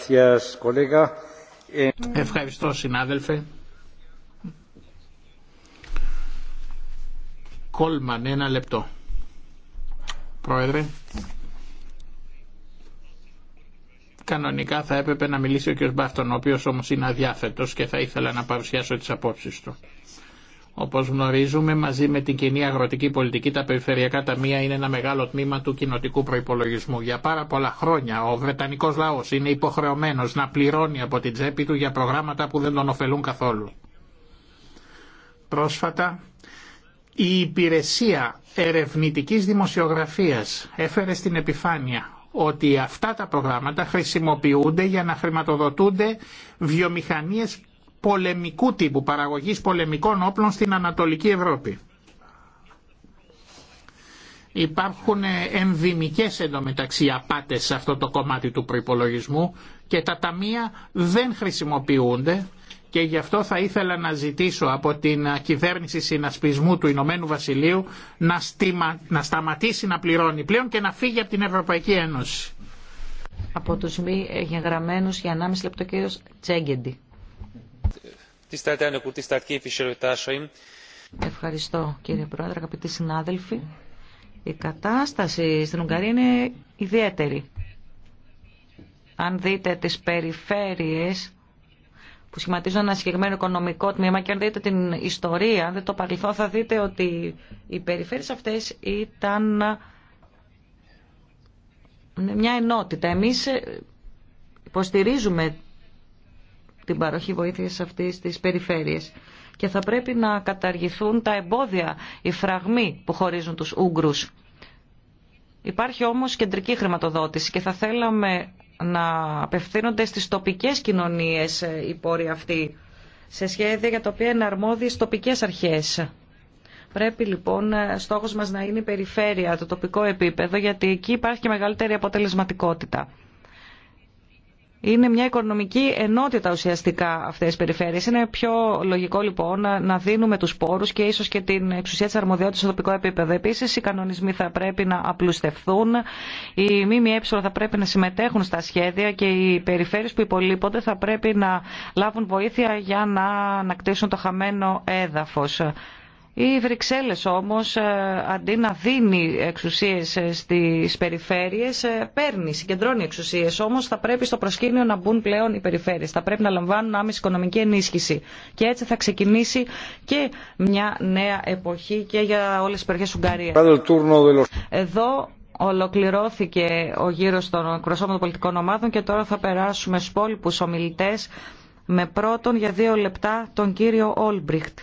Ευχαριστώ συνάδελφε. Κόλμαν ένα λεπτό. Πρόεδρε. Κανονικά θα έπρεπε να μιλήσει ο κ. Μπάφτον, ο οποίος όμως είναι αδιάθετος και θα ήθελα να παρουσιάσω τις απόψεις του. Όπως γνωρίζουμε, μαζί με την κοινή αγροτική πολιτική, τα περιφερειακά ταμεία είναι ένα μεγάλο τμήμα του κοινοτικού προϋπολογισμού. Για πάρα πολλά χρόνια ο Βρετανικό λαός είναι υποχρεωμένος να πληρώνει από την τσέπη του για προγράμματα που δεν τον ωφελούν καθόλου. Πρόσφατα, η υπηρεσία ερευνητικής δημοσιογραφίας έφερε στην επιφάνεια ότι αυτά τα προγράμματα χρησιμοποιούνται για να χρηματοδοτούνται βιομηχανίες πολεμικού τύπου, παραγωγής πολεμικών όπλων στην Ανατολική Ευρώπη. Υπάρχουν ενδυμικές εντωμεταξύ απάτες σε αυτό το κομμάτι του προϋπολογισμού και τα ταμεία δεν χρησιμοποιούνται και γι' αυτό θα ήθελα να ζητήσω από την κυβέρνηση συνασπισμού του Ηνωμένου Βασιλείου να, σταματήσει να πληρώνει πλέον και να φύγει από την Ευρωπαϊκή Ένωση. Από τους μη εγγεγραμμένους για 1,5 λεπτό κύριος Τσέγγεντη. Ευχαριστώ κύριε Πρόεδρε, αγαπητοί συνάδελφοι. Η κατάσταση στην Ουγγαρία είναι ιδιαίτερη. Αν δείτε τις περιφέρειες που σχηματίζουν ένα συγκεκριμένο οικονομικό τμήμα και αν δείτε την ιστορία, αν δείτε το παρελθόν, θα δείτε ότι οι περιφέρειες αυτές ήταν μια ενότητα. Εμείς υποστηρίζουμε την παροχή βοήθειας αυτής στις περιφέρειες. Και θα πρέπει να καταργηθούν τα εμπόδια, οι φραγμοί που χωρίζουν τους Ούγγρους. Υπάρχει όμως κεντρική χρηματοδότηση και θα θέλαμε να απευθύνονται στις τοπικές κοινωνίες οι ε, πόροι αυτοί σε σχέδια για τα οποία είναι αρμόδιες τοπικές αρχές. Πρέπει λοιπόν ε, στόχος μας να είναι η περιφέρεια, το τοπικό επίπεδο, γιατί εκεί υπάρχει και μεγαλύτερη αποτελεσματικότητα. Είναι μια οικονομική ενότητα ουσιαστικά αυτές οι περιφέρειες. Είναι πιο λογικό λοιπόν να δίνουμε τους πόρους και ίσως και την εξουσία της αρμοδιότητας στο τοπικό επίπεδο. Επίσης οι κανονισμοί θα πρέπει να απλουστευθούν, οι ΜΜΕ θα πρέπει να συμμετέχουν στα σχέδια και οι περιφέρειες που υπολείπονται θα πρέπει να λάβουν βοήθεια για να ανακτήσουν το χαμένο έδαφος. Οι Βρυξέλλες όμως ε, αντί να δίνει εξουσίες ε, στις περιφέρειες ε, παίρνει, συγκεντρώνει εξουσίες όμως θα πρέπει στο προσκήνιο να μπουν πλέον οι περιφέρειες θα πρέπει να λαμβάνουν άμεση οικονομική ενίσχυση και έτσι θα ξεκινήσει και μια νέα εποχή και για όλες τις περιοχές Ουγγαρίας. Εδώ ολοκληρώθηκε ο γύρος των εκπροσώπων των πολιτικών ομάδων και τώρα θα περάσουμε στους υπόλοιπους ομιλητές με πρώτον για δύο λεπτά τον κύριο Όλμπριχτ.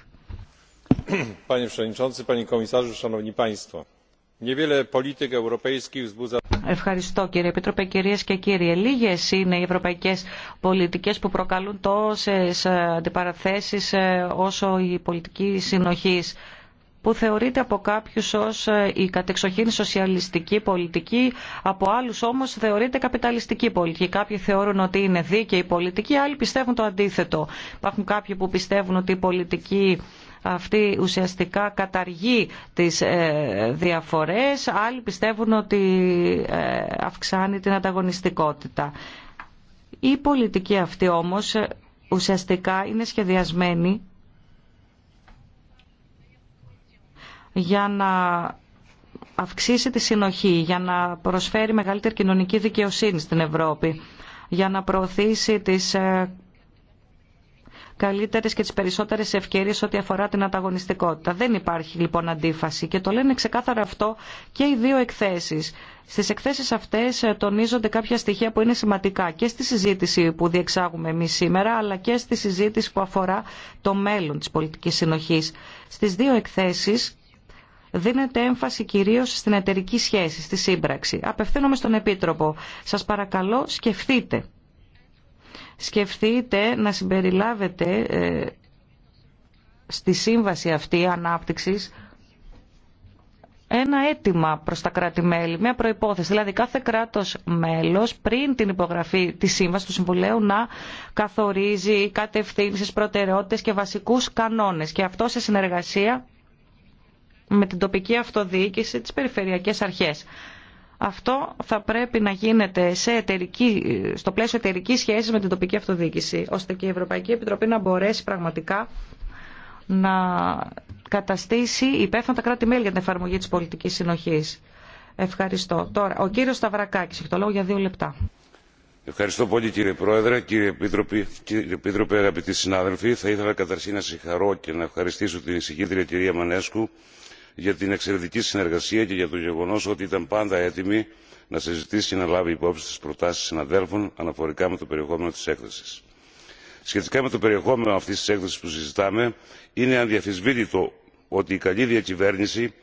Ευχαριστώ κύριε Επίτροπε, κυρίες και κύριοι. Λίγες είναι οι ευρωπαϊκές πολιτικές που προκαλούν τόσες ε, αντιπαραθέσεις ε, όσο η πολιτική συνοχής που θεωρείται από κάποιους ως ε, η κατεξοχήν σοσιαλιστική πολιτική, από άλλους όμως θεωρείται καπιταλιστική πολιτική. Κάποιοι θεωρούν ότι είναι δίκαιη η πολιτική, άλλοι πιστεύουν το αντίθετο. Υπάρχουν κάποιοι που πιστεύουν ότι η πολιτική αυτή ουσιαστικά καταργεί τις ε, διαφορές. Άλλοι πιστεύουν ότι ε, αυξάνει την ανταγωνιστικότητα. Η πολιτική αυτή όμως ε, ουσιαστικά είναι σχεδιασμένη για να αυξήσει τη συνοχή, για να προσφέρει μεγαλύτερη κοινωνική δικαιοσύνη στην Ευρώπη, για να προωθήσει τις καλύτερε και τι περισσότερε ευκαιρίε ό,τι αφορά την ανταγωνιστικότητα. Δεν υπάρχει λοιπόν αντίφαση και το λένε ξεκάθαρα αυτό και οι δύο εκθέσει. Στι εκθέσει αυτέ ε, τονίζονται κάποια στοιχεία που είναι σημαντικά και στη συζήτηση που διεξάγουμε εμεί σήμερα, αλλά και στη συζήτηση που αφορά το μέλλον τη πολιτική συνοχή. Στι δύο εκθέσει δίνεται έμφαση κυρίως στην εταιρική σχέση, στη σύμπραξη. Απευθύνομαι στον Επίτροπο. Σας παρακαλώ σκεφτείτε σκεφτείτε να συμπεριλάβετε ε, στη σύμβαση αυτή ανάπτυξης ένα αίτημα προς τα κράτη-μέλη, μια προϋπόθεση. Δηλαδή κάθε κράτος μέλος πριν την υπογραφή της Σύμβασης του Συμβουλίου να καθορίζει κατευθύνσεις, προτεραιότητες και βασικούς κανόνες. Και αυτό σε συνεργασία με την τοπική αυτοδιοίκηση, τις περιφερειακές αρχές. Αυτό θα πρέπει να γίνεται σε εταιρική, στο πλαίσιο εταιρική σχέση με την τοπική αυτοδιοίκηση, ώστε και η Ευρωπαϊκή Επιτροπή να μπορέσει πραγματικά να καταστήσει υπεύθυνα τα κράτη-μέλη για την εφαρμογή τη πολιτική συνοχή. Ευχαριστώ. Τώρα, ο κύριο Σταυρακάκη, έχει το λόγο για δύο λεπτά. Ευχαριστώ πολύ κύριε Πρόεδρε, κύριε Επίτροπε, κύριε Επίτροπε αγαπητοί συνάδελφοι. Θα ήθελα καταρχήν να συγχαρώ και να ευχαριστήσω την εισηγήτρια κυρία Μανέσκου για την εξαιρετική συνεργασία και για το γεγονό ότι ήταν πάντα έτοιμη να συζητήσει και να λάβει υπόψη τι προτάσει συναδέλφων αναφορικά με το περιεχόμενο τη έκθεση. Σχετικά με το περιεχόμενο αυτή τη έκθεση που συζητάμε, είναι αδιαφυσβήτητο ότι η καλή διακυβέρνηση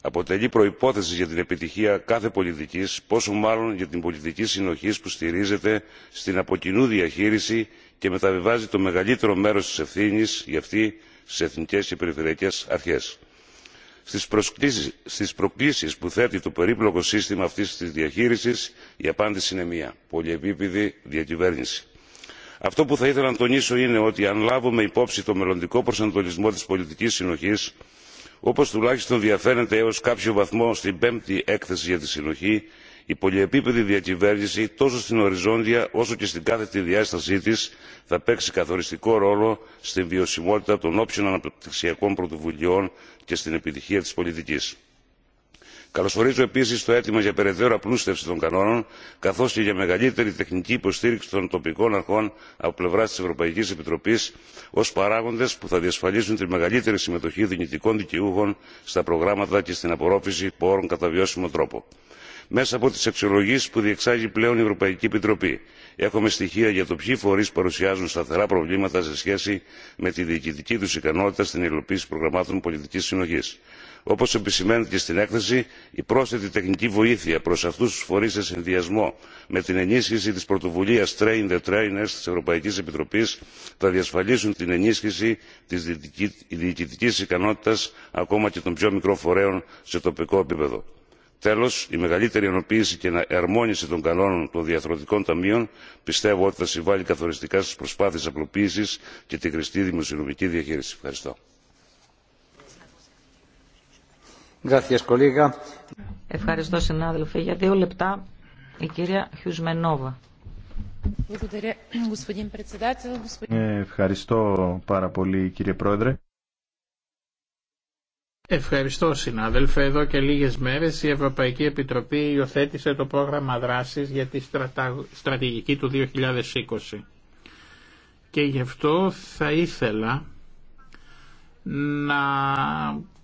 αποτελεί προπόθεση για την επιτυχία κάθε πολιτική, πόσο μάλλον για την πολιτική συνοχή που στηρίζεται στην αποκοινού διαχείριση και μεταβιβάζει το μεγαλύτερο μέρο τη ευθύνη για αυτή στι εθνικέ και περιφερειακέ αρχέ στις προκλήσεις που θέτει το περίπλοκο σύστημα αυτής της διαχείρισης η απάντηση είναι μία πολυεπίπεδη διακυβέρνηση. αυτό που θα ήθελα να τονίσω είναι ότι αν λάβουμε υπόψη το μελλοντικό προσανατολισμό της πολιτικής συνοχής όπως τουλάχιστον διαφαίνεται έως κάποιο βαθμό στην πέμπτη έκθεση για τη συνοχή η πολυεπίπεδη διακυβέρνηση τόσο στην οριζόντια όσο και στην κάθετη διάστασή τη θα παίξει καθοριστικό ρόλο στην βιωσιμότητα των όποιων αναπτυξιακών πρωτοβουλειών και στην επιτυχία τη πολιτική. καλωσορίζω επίση το αίτημα για περαιτέρω απλούστευση των κανόνων καθώ και για μεγαλύτερη τεχνική υποστήριξη των τοπικών αρχών από πλευρά τη ευρωπαϊκή επιτροπή ω παράγοντε που θα διασφαλίσουν τη μεγαλύτερη συμμετοχή δυνητικών δικαιούχων στα προγράμματα και στην απορρόφηση πόρων κατά βιώσιμο τρόπο μέσα από τι αξιολογήσει που διεξάγει πλέον η ευρωπαϊκή επιτροπή. έχουμε στοιχεία για το ποιοι φορεί παρουσιάζουν σταθερά προβλήματα σε σχέση με τη διοικητική του ικανότητα στην υλοποίηση προγραμμάτων πολιτική συνοχή. όπω επισημαίνεται και στην έκθεση η πρόσθετη τεχνική βοήθεια προ αυτού του φορεί σε συνδυασμό με την ενίσχυση τη πρωτοβουλία train the trainers τη ευρωπαϊκή επιτροπή θα διασφαλίσουν την ενίσχυση τη διοικητική ικανότητα ακόμα και των πιο μικρών φορέων σε τοπικό επίπεδο τέλος η μεγαλύτερη ενοποίηση και εναρμόνιση των κανόνων των διαθροτικών ταμείων πιστεύω ότι θα συμβάλει καθοριστικά στις προσπάθειες απλοποίησης και τη χρηστή δημοσιονομική διαχείριση. ευχαριστώ. Ευχαριστώ συνάδελφε. Για δύο λεπτά η κυρία Χιουσμενόβα. Ε, ευχαριστώ πάρα πολύ κύριε Πρόεδρε. Ευχαριστώ συνάδελφε. Εδώ και λίγες μέρες η Ευρωπαϊκή Επιτροπή υιοθέτησε το πρόγραμμα δράσης για τη στρατηγική του 2020. Και γι' αυτό θα ήθελα να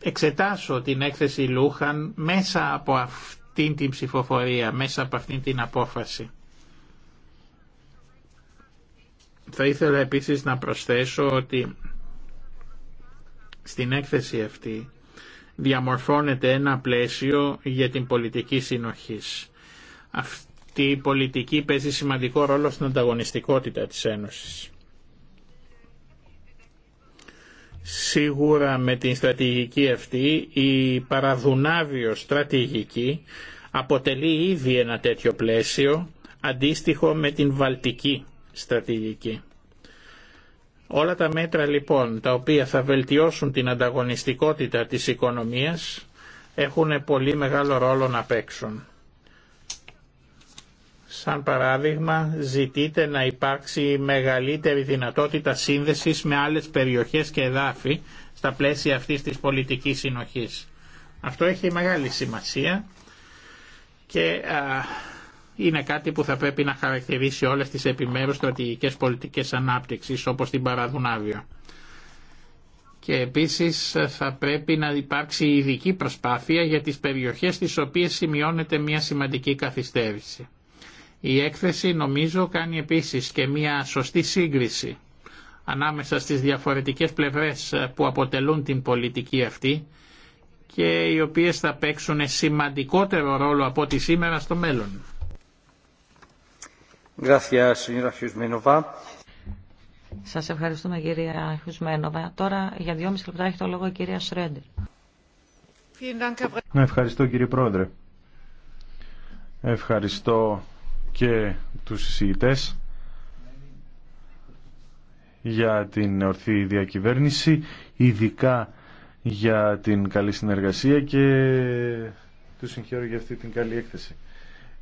εξετάσω την έκθεση Λούχαν μέσα από αυτήν την ψηφοφορία, μέσα από αυτήν την απόφαση. Θα ήθελα επίσης να προσθέσω ότι στην έκθεση αυτή διαμορφώνεται ένα πλαίσιο για την πολιτική συνοχής. Αυτή η πολιτική παίζει σημαντικό ρόλο στην ανταγωνιστικότητα της Ένωσης. Σίγουρα με την στρατηγική αυτή η παραδουνάβιο στρατηγική αποτελεί ήδη ένα τέτοιο πλαίσιο αντίστοιχο με την βαλτική στρατηγική. Όλα τα μέτρα λοιπόν τα οποία θα βελτιώσουν την ανταγωνιστικότητα της οικονομίας έχουν πολύ μεγάλο ρόλο να παίξουν. Σαν παράδειγμα ζητείτε να υπάρξει μεγαλύτερη δυνατότητα σύνδεσης με άλλες περιοχές και εδάφη στα πλαίσια αυτής της πολιτικής συνοχής. Αυτό έχει μεγάλη σημασία και είναι κάτι που θα πρέπει να χαρακτηρίσει όλες τις επιμέρους στρατηγικές πολιτικές ανάπτυξης όπως την Παραδουνάβιο. Και επίσης θα πρέπει να υπάρξει ειδική προσπάθεια για τις περιοχές στις οποίες σημειώνεται μια σημαντική καθυστέρηση. Η έκθεση νομίζω κάνει επίσης και μια σωστή σύγκριση ανάμεσα στις διαφορετικές πλευρές που αποτελούν την πολιτική αυτή και οι οποίες θα παίξουν σημαντικότερο ρόλο από ό,τι σήμερα στο μέλλον. Σας ευχαριστούμε κυρία Χιουσμένοβα. Τώρα για δυόμιση λεπτά έχει το λόγο η κυρία Σρέντερ. Ευχαριστώ κύριε Πρόεδρε. Ευχαριστώ και τους εισηγητές για την ορθή διακυβέρνηση, ειδικά για την καλή συνεργασία και τους συγχαίρω για αυτή την καλή έκθεση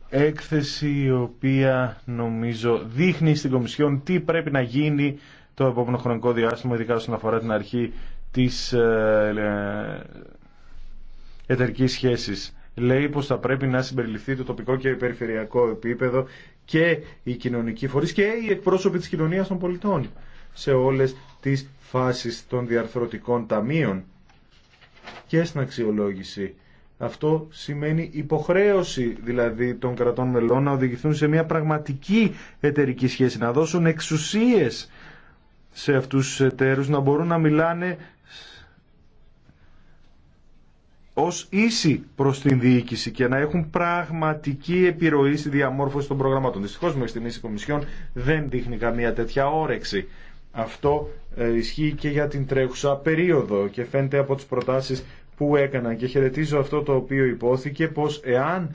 έκθεση η οποία νομίζω δείχνει στην Κομισιόν τι πρέπει να γίνει το επόμενο χρονικό διάστημα, ειδικά όσον αφορά την αρχή της ε, ε, εταιρικής σχέσης. Λέει πως θα πρέπει να συμπεριληφθεί το τοπικό και περιφερειακό επίπεδο και οι κοινωνικοί φορείς και οι εκπρόσωποι της κοινωνίας των πολιτών σε όλες τις φάσεις των διαρθρωτικών ταμείων και στην αξιολόγηση αυτό σημαίνει υποχρέωση δηλαδή των κρατών μελών να οδηγηθούν σε μια πραγματική εταιρική σχέση, να δώσουν εξουσίες σε αυτούς τους εταίρους, να μπορούν να μιλάνε ως ίση προς την διοίκηση και να έχουν πραγματική επιρροή στη διαμόρφωση των προγραμμάτων. Δυστυχώς μέχρι τη η Κομισιόν δεν δείχνει καμία τέτοια όρεξη. Αυτό ε, ισχύει και για την τρέχουσα περίοδο και φαίνεται από τις προτάσεις που έκαναν και χαιρετίζω αυτό το οποίο υπόθηκε πως εάν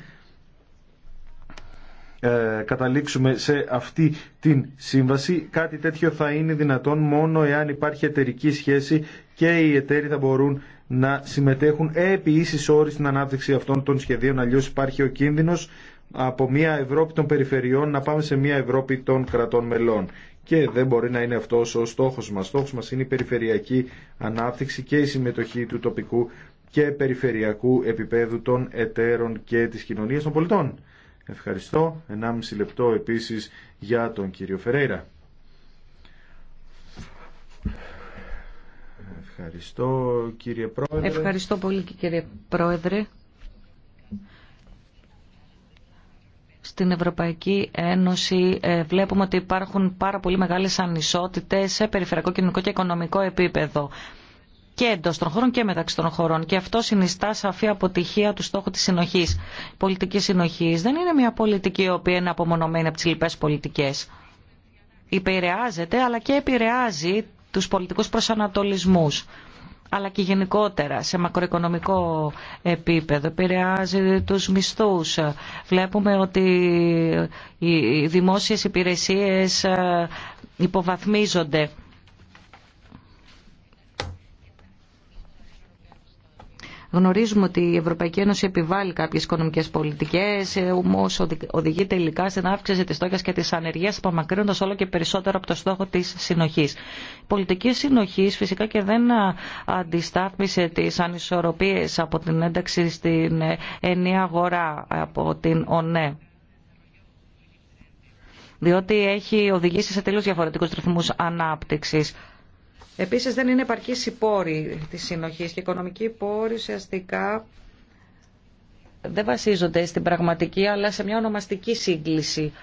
ε, καταλήξουμε σε αυτή την σύμβαση. Κάτι τέτοιο θα είναι δυνατόν μόνο εάν υπάρχει εταιρική σχέση και οι εταίροι θα μπορούν να συμμετέχουν επί ίσης όρης στην ανάπτυξη αυτών των σχεδίων. Αλλιώς υπάρχει ο κίνδυνος από μια Ευρώπη των περιφερειών να πάμε σε μια Ευρώπη των κρατών μελών και δεν μπορεί να είναι αυτός ο στόχος μας. Στόχος μας είναι η περιφερειακή ανάπτυξη και η συμμετοχή του τοπικού και περιφερειακού επίπεδου των εταίρων και της κοινωνίας των πολιτών. Ευχαριστώ. 1,5 λεπτό επίσης για τον κύριο Φερέιρα. Ευχαριστώ κύριε Πρόεδρε. Ευχαριστώ πολύ κύριε Πρόεδρε. στην Ευρωπαϊκή Ένωση ε, βλέπουμε ότι υπάρχουν πάρα πολύ μεγάλες ανισότητες σε περιφερειακό, κοινωνικό και οικονομικό επίπεδο και εντός των χωρών και μεταξύ των χωρών και αυτό συνιστά σαφή αποτυχία του στόχου της συνοχής. Η πολιτική συνοχής δεν είναι μια πολιτική η οποία είναι απομονωμένη από τις λοιπές πολιτικές. Υπηρεάζεται αλλά και επηρεάζει τους πολιτικούς προσανατολισμούς αλλά και γενικότερα σε μακροοικονομικό επίπεδο. Επηρεάζει τους μισθούς. Βλέπουμε ότι οι δημόσιες υπηρεσίες ε, υποβαθμίζονται Γνωρίζουμε ότι η Ευρωπαϊκή Ένωση επιβάλλει κάποιε οικονομικέ πολιτικέ, ε, όμω οδηγεί τελικά στην αύξηση τη στόχα και τη ανεργία, απομακρύνοντα όλο και περισσότερο από το στόχο τη συνοχή. Η πολιτική συνοχή φυσικά και δεν ε, αντιστάθμισε τι ανισορροπίε από την ένταξη στην ε, ενιαία αγορά από την ΟΝΕ διότι έχει οδηγήσει σε τελείως διαφορετικούς ρυθμούς ανάπτυξης. Επίσης δεν είναι επαρκής η πόρη της συνοχής και η οικονομικοί πόροι ουσιαστικά δεν βασίζονται στην πραγματική αλλά σε μια ονομαστική σύγκληση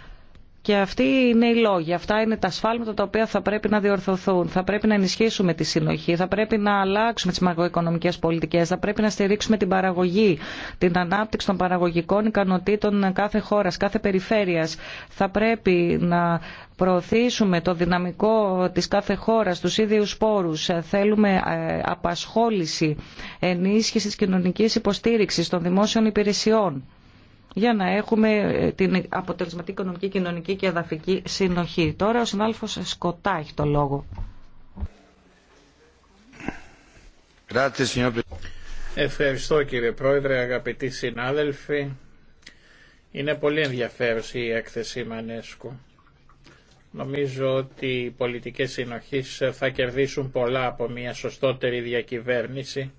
και αυτοί είναι οι λόγοι, αυτά είναι τα σφάλματα τα οποία θα πρέπει να διορθωθούν. Θα πρέπει να ενισχύσουμε τη συνοχή, θα πρέπει να αλλάξουμε τι μακροοικονομικέ πολιτικέ, θα πρέπει να στηρίξουμε την παραγωγή, την ανάπτυξη των παραγωγικών ικανοτήτων κάθε χώρα, κάθε περιφέρεια. Θα πρέπει να προωθήσουμε το δυναμικό της κάθε χώρας, τους ίδιους πόρους. Θέλουμε ε, απασχόληση, ενίσχυση της κοινωνικής υποστήριξης των δημόσιων υπηρεσιών για να έχουμε ε, την αποτελεσματική οικονομική, κοινωνική και εδαφική συνοχή. Τώρα ο συνάδελφος Σκοτά έχει το λόγο. Ευχαριστώ κύριε Πρόεδρε, αγαπητοί συνάδελφοι. Είναι πολύ ενδιαφέρουσα η έκθεση Μανέσκου. Νομίζω ότι οι πολιτικές συνοχές θα κερδίσουν πολλά από μια σωστότερη διακυβέρνηση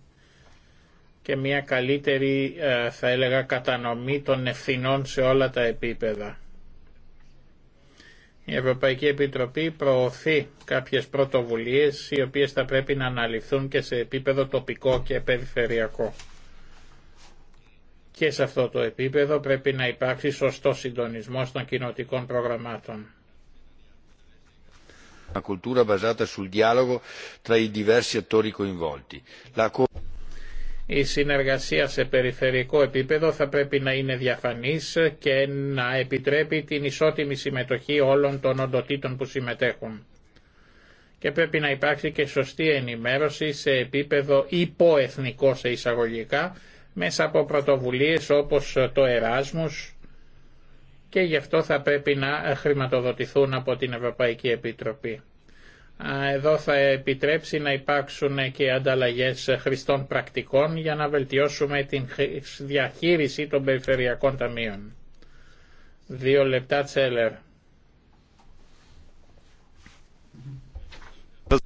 και μια καλύτερη ε, θα έλεγα κατανομή των ευθυνών σε όλα τα επίπεδα. Η Ευρωπαϊκή Επιτροπή προωθεί κάποιες πρωτοβουλίες οι οποίες θα πρέπει να αναλυθούν και σε επίπεδο τοπικό και περιφερειακό. Και σε αυτό το επίπεδο πρέπει να υπάρξει σωστό συντονισμό των κοινοτικών προγραμμάτων. Η συνεργασία σε περιφερειακό επίπεδο θα πρέπει να είναι διαφανής και να επιτρέπει την ισότιμη συμμετοχή όλων των οντοτήτων που συμμετέχουν. Και πρέπει να υπάρξει και σωστή ενημέρωση σε επίπεδο υποεθνικό σε εισαγωγικά μέσα από πρωτοβουλίες όπως το Εράσμους και γι' αυτό θα πρέπει να χρηματοδοτηθούν από την Ευρωπαϊκή Επιτροπή. Εδώ θα επιτρέψει να υπάρξουν και ανταλλαγές χρηστών πρακτικών για να βελτιώσουμε την διαχείριση των περιφερειακών ταμείων. Δύο λεπτά τσέλερ.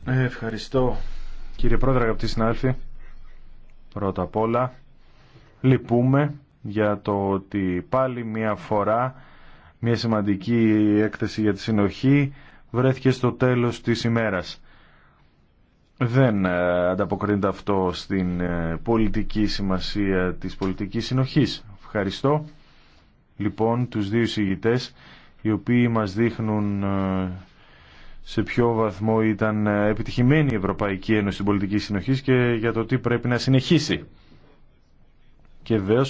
Ευχαριστώ κύριε Πρόεδρε αγαπητοί συνάδελφοι. Πρώτα απ' όλα λυπούμε για το ότι πάλι μια φορά μια σημαντική έκθεση για τη συνοχή βρέθηκε στο τέλος της ημέρας. Δεν ε, ανταποκρίνεται αυτό στην ε, πολιτική σημασία της πολιτικής συνοχής. Ευχαριστώ λοιπόν τους δύο συγητές οι οποίοι μας δείχνουν ε, σε ποιο βαθμό ήταν επιτυχημένη η Ευρωπαϊκή Ένωση στην πολιτική συνοχής και για το τι πρέπει να συνεχίσει. Και βεβαίω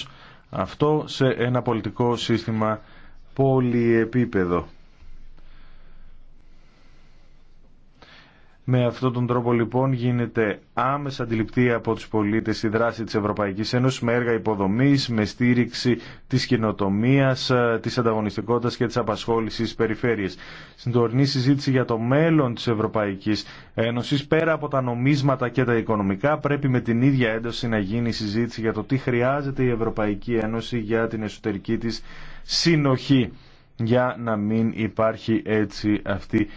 αυτό σε ένα πολιτικό σύστημα πολυεπίπεδο. Με αυτόν τον τρόπο λοιπόν γίνεται άμεσα αντιληπτή από τους πολίτες η δράση της Ευρωπαϊκής Ένωσης με έργα υποδομής, με στήριξη της κοινοτομία, ε, της ανταγωνιστικότητας και της απασχόλησης της περιφέρειας. Στην τωρινή συζήτηση για το μέλλον της Ευρωπαϊκής Ένωσης, πέρα από τα νομίσματα και τα οικονομικά, πρέπει με την ίδια έντοση να γίνει η συζήτηση για το τι χρειάζεται η Ευρωπαϊκή Ένωση για την εσωτερική της συνοχή για να μην υπάρχει έτσι αυτή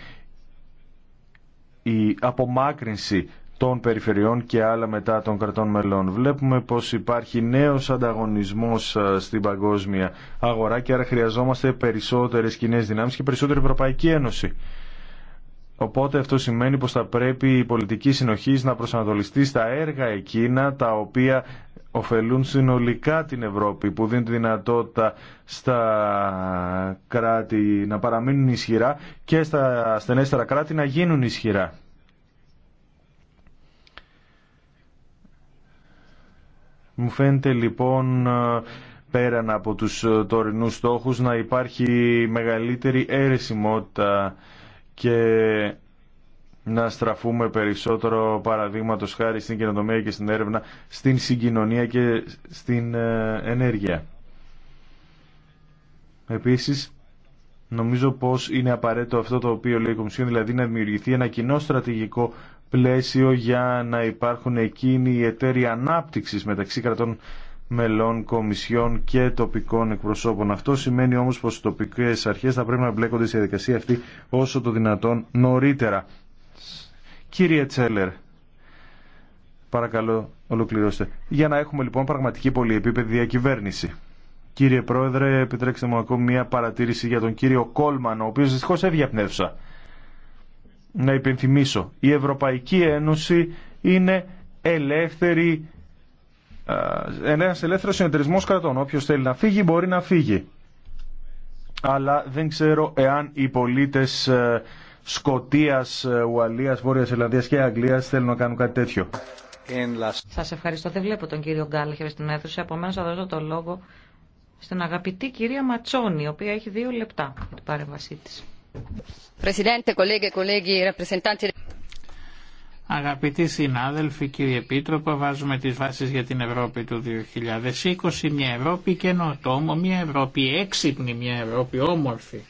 η απομάκρυνση των περιφερειών και άλλα μετά των κρατών μελών. Βλέπουμε πως υπάρχει νέος ανταγωνισμός στην παγκόσμια αγορά και άρα χρειαζόμαστε περισσότερες κοινέ δυνάμεις και περισσότερη Ευρωπαϊκή Ένωση. Οπότε αυτό σημαίνει πως θα πρέπει η πολιτική συνοχής να προσανατολιστεί στα έργα εκείνα τα οποία ωφελούν συνολικά την Ευρώπη που δίνει τη δυνατότητα στα κράτη να παραμείνουν ισχυρά και στα στενέστερα κράτη να γίνουν ισχυρά. Μου φαίνεται λοιπόν πέραν από τους τωρινούς στόχους να υπάρχει μεγαλύτερη αίρεσιμότητα και να στραφούμε περισσότερο παραδείγματο χάρη στην καινοτομία και στην έρευνα, στην συγκοινωνία και στην ε, ενέργεια. Επίσης, νομίζω πως είναι απαραίτητο αυτό το οποίο λέει η Κομισιόν, δηλαδή να δημιουργηθεί ένα κοινό στρατηγικό πλαίσιο για να υπάρχουν εκείνοι οι εταίροι ανάπτυξης μεταξύ κρατών μελών, κομισιών και τοπικών εκπροσώπων. Αυτό σημαίνει όμως πως οι τοπικές αρχές θα πρέπει να μπλέκονται στη διαδικασία αυτή όσο το δυνατόν νωρίτερα. Κύριε Τσέλερ, παρακαλώ ολοκληρώστε. Για να έχουμε λοιπόν πραγματική πολυεπίπεδη διακυβέρνηση. Κύριε Πρόεδρε, επιτρέξτε μου ακόμη μια παρατήρηση για τον κύριο Κόλμαν, ο οποίος δυστυχώς έβγαινε πνεύσα. Να υπενθυμίσω, η Ευρωπαϊκή Ένωση είναι ελεύθερη ε, ναι, ένας ελεύθερος συνεταιρισμό κρατών. Όποιος θέλει να φύγει μπορεί να φύγει. Αλλά δεν ξέρω εάν οι πολίτες ε, Σκοτίας, ε, Ουαλίας, Βόρειας Ιρλανδία και Αγγλίας θέλουν να κάνουν κάτι τέτοιο. Σα ευχαριστώ. Δεν βλέπω τον κύριο Γκάλεχερ στην αίθουσα. Επομένω, θα δώσω το λόγο στην αγαπητή κυρία Ματσόνη, η οποία έχει δύο λεπτά για την παρέμβασή τη. Αγαπητοί συνάδελφοι, κύριε Επίτροπο, βάζουμε τις βάσεις για την Ευρώπη του 2020, μια Ευρώπη καινοτόμο, μια Ευρώπη έξυπνη, μια Ευρώπη όμορφη.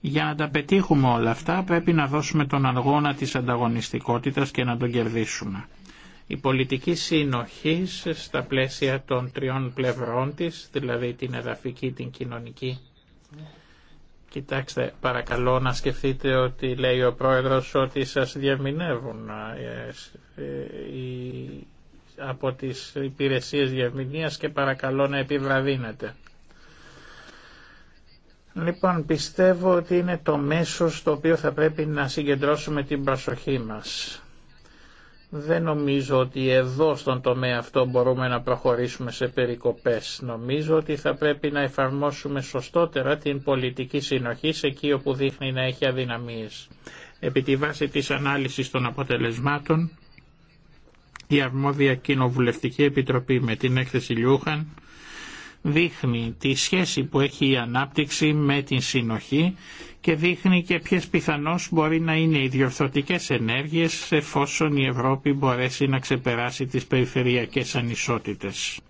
Για να τα πετύχουμε όλα αυτά πρέπει να δώσουμε τον αγώνα της ανταγωνιστικότητας και να τον κερδίσουμε. Η πολιτική συνοχή στα πλαίσια των τριών πλευρών της, δηλαδή την εδαφική, την κοινωνική Κοιτάξτε, παρακαλώ να σκεφτείτε ότι λέει ο πρόεδρος ότι σας διαμηνεύουν ε, ε, από τις υπηρεσίες διαμηνίας και παρακαλώ να επιβραδύνετε. Λοιπόν, πιστεύω ότι είναι το μέσο στο οποίο θα πρέπει να συγκεντρώσουμε την προσοχή μας. Δεν νομίζω ότι εδώ στον τομέα αυτό μπορούμε να προχωρήσουμε σε περικοπές. Νομίζω ότι θα πρέπει να εφαρμόσουμε σωστότερα την πολιτική συνοχή σε εκεί όπου δείχνει να έχει αδυναμίες. Επί τη βάση της ανάλυσης των αποτελεσμάτων, η Αρμόδια Κοινοβουλευτική Επιτροπή με την έκθεση Λιούχαν δείχνει τη σχέση που έχει η ανάπτυξη με την συνοχή και δείχνει και ποιες πιθανώς μπορεί να είναι οι διορθωτικές ενέργειες εφόσον η Ευρώπη μπορέσει να ξεπεράσει τις περιφερειακές ανισότητες.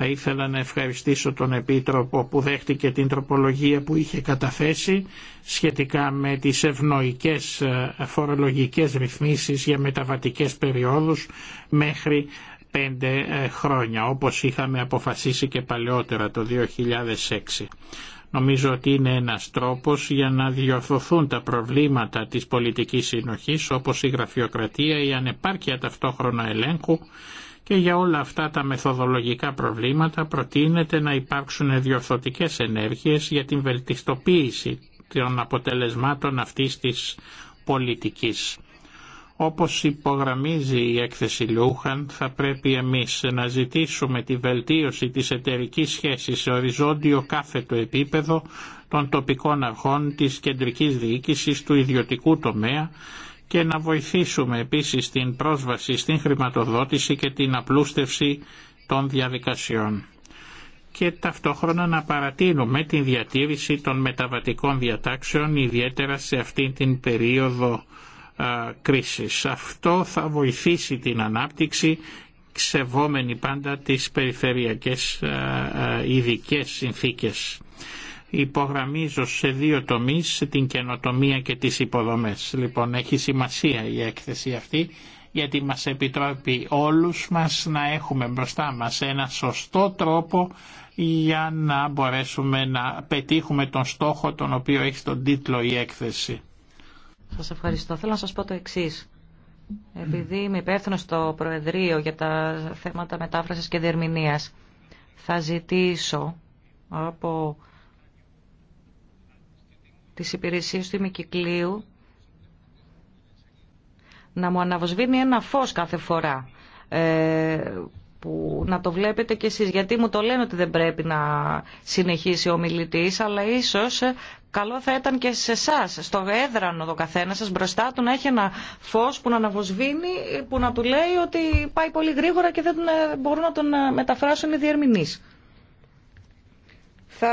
Θα ήθελα να ευχαριστήσω τον Επίτροπο που δέχτηκε την τροπολογία που είχε καταθέσει σχετικά με τις ευνοϊκές ε, φορολογικές ρυθμίσεις για μεταβατικές περιόδους μέχρι πέντε ε, χρόνια όπως είχαμε αποφασίσει και παλαιότερα το 2006. Νομίζω ότι είναι ένας τρόπος για να διορθωθούν τα προβλήματα της πολιτικής συνοχής όπως η γραφειοκρατία, η ανεπάρκεια ταυτόχρονα ελέγχου και για όλα αυτά τα μεθοδολογικά προβλήματα προτείνεται να υπάρξουν διορθωτικές ενέργειες για την βελτιστοποίηση των αποτελεσμάτων αυτής της πολιτικής. Όπως υπογραμμίζει η έκθεση Λούχαν, θα πρέπει εμείς να ζητήσουμε τη βελτίωση της εταιρικής σχέσης σε οριζόντιο κάθετο επίπεδο των τοπικών αρχών της κεντρικής διοίκησης του ιδιωτικού τομέα και να βοηθήσουμε επίσης την πρόσβαση στην χρηματοδότηση και την απλούστευση των διαδικασιών και ταυτόχρονα να παρατείνουμε την διατήρηση των μεταβατικών διατάξεων ιδιαίτερα σε αυτή την περίοδο κρίσης. Αυτό θα βοηθήσει την ανάπτυξη ξεβόμενη πάντα τις περιφερειακές ειδικέ συνθήκες. Υπογραμμίζω σε δύο τομείς την καινοτομία και τις υποδομές. Λοιπόν, έχει σημασία η έκθεση αυτή γιατί μας επιτρέπει όλους μας να έχουμε μπροστά μας ένα σωστό τρόπο για να μπορέσουμε να πετύχουμε τον στόχο τον οποίο έχει τον τίτλο η έκθεση. Σα ευχαριστώ. Θέλω να σα πω το εξής. Επειδή είμαι υπεύθυνο στο Προεδρείο για τα θέματα μετάφραση και διερμηνία, θα ζητήσω από τι υπηρεσίε του ημικυκλίου να μου αναβοσβήνει ένα φω κάθε φορά ε, που να το βλέπετε κι εσείς γιατί μου το λένε ότι δεν πρέπει να συνεχίσει ο μιλητής αλλά ίσως καλό θα ήταν και σε εσά, στο έδρανο το καθένα σα μπροστά του να έχει ένα φω που να αναβοσβήνει, που να του λέει ότι πάει πολύ γρήγορα και δεν ε, μπορούν να τον ε, μεταφράσουν οι διερμηνεί. Θα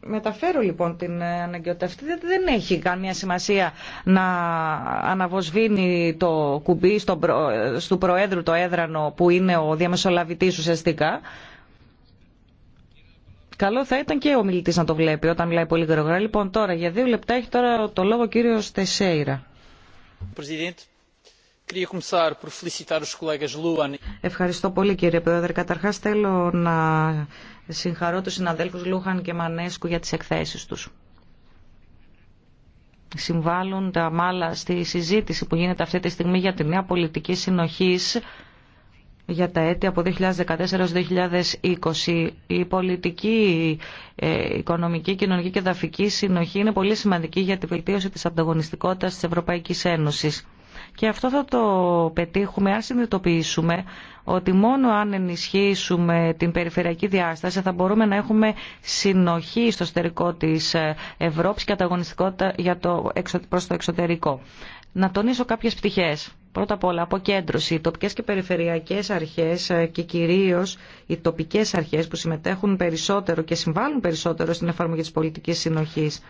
μεταφέρω λοιπόν την ε, αναγκαιότητα αυτή. Δεν έχει καμία σημασία να αναβοσβήνει το κουμπί στο Προέδρου το έδρανο που είναι ο διαμεσολαβητής ουσιαστικά. Καλό θα ήταν και ο μιλητή να το βλέπει όταν μιλάει πολύ γρήγορα. Λοιπόν, τώρα για δύο λεπτά έχει τώρα το λόγο ο κύριο Τεσέιρα. E- Ευχαριστώ πολύ κύριε Πρόεδρε. Καταρχάς θέλω να συγχαρώ τους συναδέλφους Λούχαν και Μανέσκου για τις εκθέσεις τους. Συμβάλλουν τα μάλα στη συζήτηση που γίνεται αυτή τη στιγμή για τη νέα πολιτική συνοχής για τα έτη από 2014-2020. Η πολιτική, ε, οικονομική, κοινωνική και δαφική συνοχή είναι πολύ σημαντική για τη βελτίωση της ανταγωνιστικότητας της Ευρωπαϊκής Ένωσης. Και αυτό θα το πετύχουμε αν συνειδητοποιήσουμε ότι μόνο αν ενισχύσουμε την περιφερειακή διάσταση θα μπορούμε να έχουμε συνοχή στο εσωτερικό της ε, Ευρώπης και ανταγωνιστικότητα για προς το εξωτερικό. Να τονίσω κάποιες πτυχές. Πρώτα απ' όλα, αποκέντρωση. Οι τοπικές και περιφερειακές αρχές ε, και κυρίως οι τοπικές αρχές που συμμετέχουν περισσότερο και συμβάλλουν περισσότερο στην εφαρμογή της πολιτικής συνοχής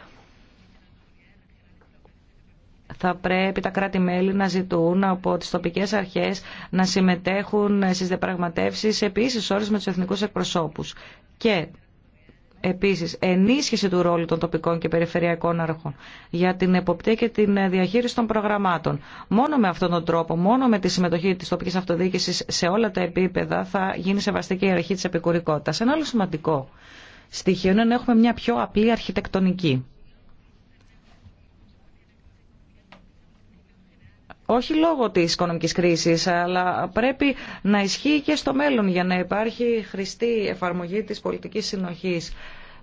θα πρέπει τα κράτη-μέλη να ζητούν από τις τοπικές αρχές να συμμετέχουν στις διαπραγματεύσεις επίσης όρες με τους εθνικούς εκπροσώπους. Και Επίσης, ενίσχυση του ρόλου των τοπικών και περιφερειακών αρχών για την εποπτεία και την διαχείριση των προγραμμάτων. Μόνο με αυτόν τον τρόπο, μόνο με τη συμμετοχή της τοπικής αυτοδιοίκησης σε όλα τα επίπεδα θα γίνει σεβαστή και η αρχή της επικουρικότητα. Ένα άλλο σημαντικό στοιχείο είναι να έχουμε μια πιο απλή αρχιτεκτονική. όχι λόγω της οικονομικής κρίσης, αλλά πρέπει να ισχύει και στο μέλλον για να υπάρχει χρηστή εφαρμογή της πολιτικής συνοχής.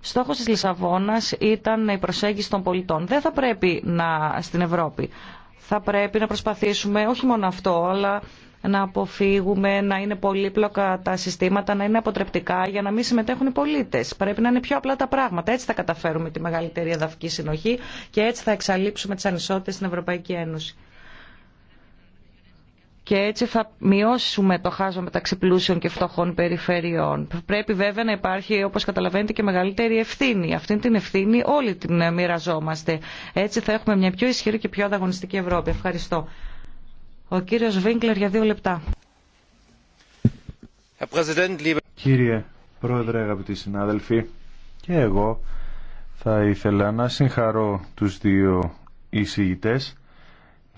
Στόχος της Λισαβόνας ήταν η προσέγγιση των πολιτών. Δεν θα πρέπει να στην Ευρώπη. Θα πρέπει να προσπαθήσουμε όχι μόνο αυτό, αλλά να αποφύγουμε να είναι πολύπλοκα τα συστήματα, να είναι αποτρεπτικά για να μην συμμετέχουν οι πολίτε. Πρέπει να είναι πιο απλά τα πράγματα. Έτσι θα καταφέρουμε τη μεγαλύτερη εδαφική συνοχή και έτσι θα εξαλείψουμε τι ανισότητε στην Ευρωπαϊκή Ένωση και έτσι θα μειώσουμε το χάσμα μεταξύ πλούσιων και φτωχών περιφερειών. Πρέπει βέβαια να υπάρχει, όπως καταλαβαίνετε, και μεγαλύτερη ευθύνη. Αυτή την ευθύνη όλοι την μοιραζόμαστε. Έτσι θα έχουμε μια πιο ισχυρή και πιο ανταγωνιστική Ευρώπη. Ευχαριστώ. Ο κύριος Βίγκλερ για δύο λεπτά. Κύριε Πρόεδρε, αγαπητοί συνάδελφοι, και εγώ θα ήθελα να συγχαρώ τους δύο εισηγητές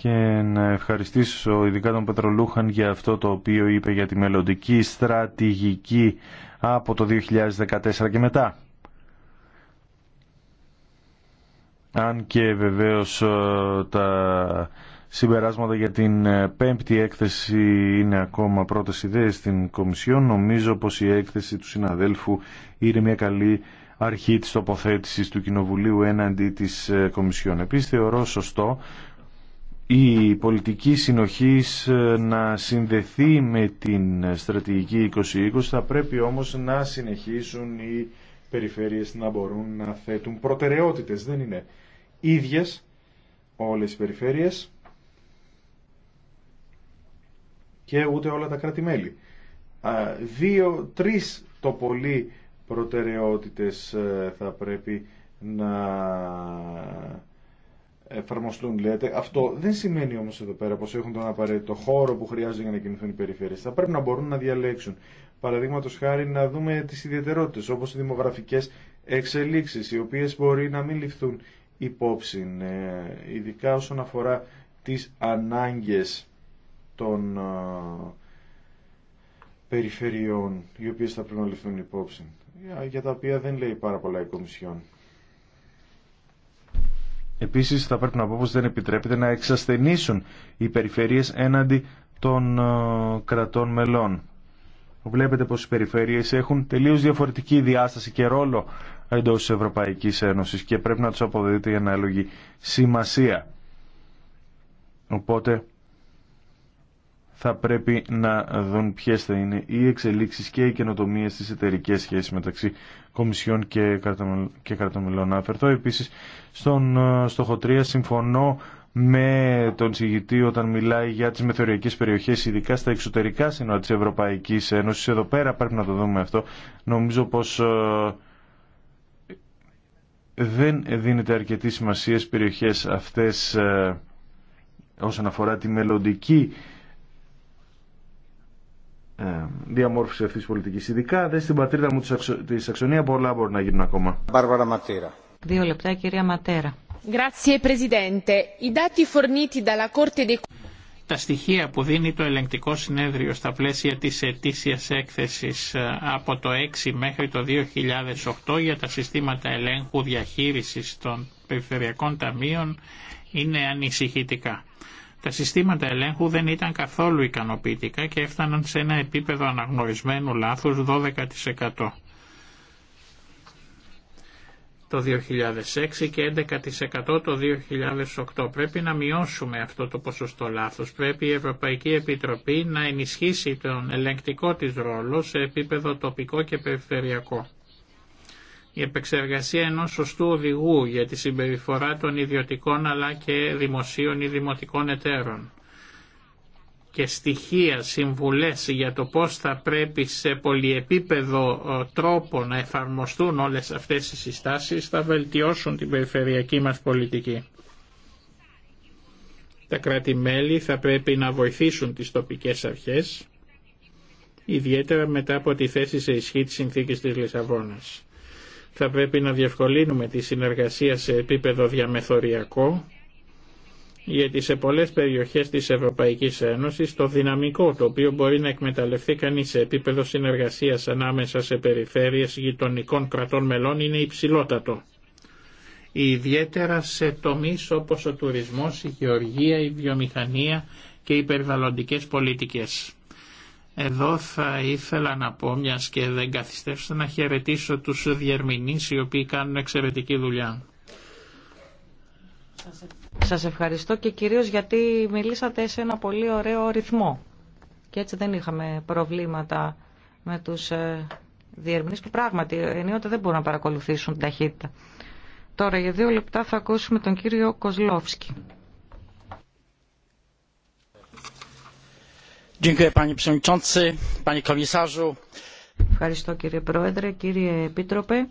και να ευχαριστήσω ειδικά τον Πετρολούχαν για αυτό το οποίο είπε για τη μελλοντική στρατηγική από το 2014 και μετά. Αν και βεβαίως ε, τα συμπεράσματα για την ε, πέμπτη έκθεση είναι ακόμα πρώτες ιδέες στην Κομισιόν, νομίζω πως η έκθεση του συναδέλφου είναι μια καλή αρχή της τοποθέτησης του Κοινοβουλίου έναντι της ε, Κομισιόν. Επίσης θεωρώ σωστό η πολιτική συνοχής ε, να συνδεθεί με την στρατηγική 2020 θα πρέπει όμως να συνεχίσουν οι περιφέρειες να μπορούν να θέτουν προτεραιότητες. Δεν είναι ίδιες όλες οι περιφέρειες και ούτε όλα τα κράτη-μέλη. Δύο, τρεις το πολύ προτεραιότητες ε, θα πρέπει να εφαρμοστούν λέτε. Αυτό δεν σημαίνει όμως εδώ πέρα πως έχουν τον απαραίτητο χώρο που χρειάζεται για να κινηθούν οι περιφέρειες. Θα πρέπει να μπορούν να διαλέξουν. Παραδείγματο χάρη να δούμε τις ιδιαιτερότητες όπως οι δημογραφικές εξελίξεις οι οποίες μπορεί να μην ληφθούν υπόψη ε, ειδικά όσον αφορά τις ανάγκες των ε, περιφερειών οι οποίες θα πρέπει να ληφθούν υπόψη για τα οποία δεν λέει πάρα πολλά η Κομισιόν. Επίσης θα πρέπει να πω πώ δεν επιτρέπεται να εξασθενήσουν οι περιφέρειες έναντι των ε, κρατών μελών. Βλέπετε πως οι περιφέρειες έχουν τελείω διαφορετική διάσταση και ρόλο εντός της Ευρωπαϊκής Ένωσης και πρέπει να του αποδείτε η ανάλογη σημασία. Οπότε θα πρέπει να δουν ποιε θα είναι οι εξελίξει και οι καινοτομίε στις εταιρικέ σχέσεις μεταξύ Κομισιών και κρατομελών. Να αφαιρθώ επίσης στον ε, στόχο 3 συμφωνώ με τον συγητή όταν μιλάει για τις μεθοριακές περιοχές, ειδικά στα εξωτερικά σύνορα της Ευρωπαϊκής Ένωσης. Εδώ πέρα πρέπει να το δούμε αυτό. Νομίζω πως ε, δεν δίνεται αρκετή σημασία στις περιοχές αυτές ε, όσον αφορά τη μελλοντική ε, διαμόρφωση αυτής της πολιτικής. Ειδικά δεν στην πατρίδα μου τη Σαξονία πολλά μπορεί να γίνουν ακόμα. Δύο λεπτά κυρία Ματέρα. Τα στοιχεία που δίνει το ελεγκτικό συνέδριο στα πλαίσια της ετήσιας έκθεσης ε, από το 6 μέχρι το 2008 για τα συστήματα ελέγχου διαχείρισης των περιφερειακών ταμείων είναι ανησυχητικά. Τα συστήματα ελέγχου δεν ήταν καθόλου ικανοποιητικά και έφταναν σε ένα επίπεδο αναγνωρισμένου λάθους 12% το 2006 και 11% το 2008. Πρέπει να μειώσουμε αυτό το ποσοστό λάθος. Πρέπει η Ευρωπαϊκή Επιτροπή να ενισχύσει τον ελεγκτικό της ρόλο σε επίπεδο τοπικό και περιφερειακό η επεξεργασία ενός σωστού οδηγού για τη συμπεριφορά των ιδιωτικών αλλά και δημοσίων ή δημοτικών εταίρων και στοιχεία, συμβουλές για το πώς θα πρέπει σε πολυεπίπεδο ε, τρόπο να εφαρμοστούν όλες αυτές οι συστάσεις θα βελτιώσουν την περιφερειακή μας πολιτική. Τα κράτη-μέλη θα πρέπει να βοηθήσουν τις τοπικές αρχές, ιδιαίτερα μετά από τη θέση σε ισχύ της συνθήκης της Λισαβόνας. Θα πρέπει να διευκολύνουμε τη συνεργασία σε επίπεδο διαμεθοριακό, γιατί σε πολλές περιοχές της Ευρωπαϊκής Ένωσης το δυναμικό το οποίο μπορεί να εκμεταλλευτεί κανείς σε επίπεδο συνεργασίας ανάμεσα σε περιφέρειες γειτονικών κρατών μελών είναι υψηλότατο. Ιδιαίτερα σε τομείς όπως ο τουρισμός, η γεωργία, η βιομηχανία και οι περιβαλλοντικές πολιτικές. Εδώ θα ήθελα να πω, μια και δεν καθυστεύσω, να χαιρετήσω του διερμηνείς οι οποίοι κάνουν εξαιρετική δουλειά. Σας ευχαριστώ και κυρίω γιατί μιλήσατε σε ένα πολύ ωραίο ρυθμό. Και έτσι δεν είχαμε προβλήματα με τους ε, διερμηνείς που πράγματι ενίοτε δεν μπορούν να παρακολουθήσουν την ταχύτητα. Τώρα για δύο λεπτά θα ακούσουμε τον κύριο Κοσλόφσκι. Ευχαριστώ κύριε Πρόεδρε, κύριε Επίτροπε.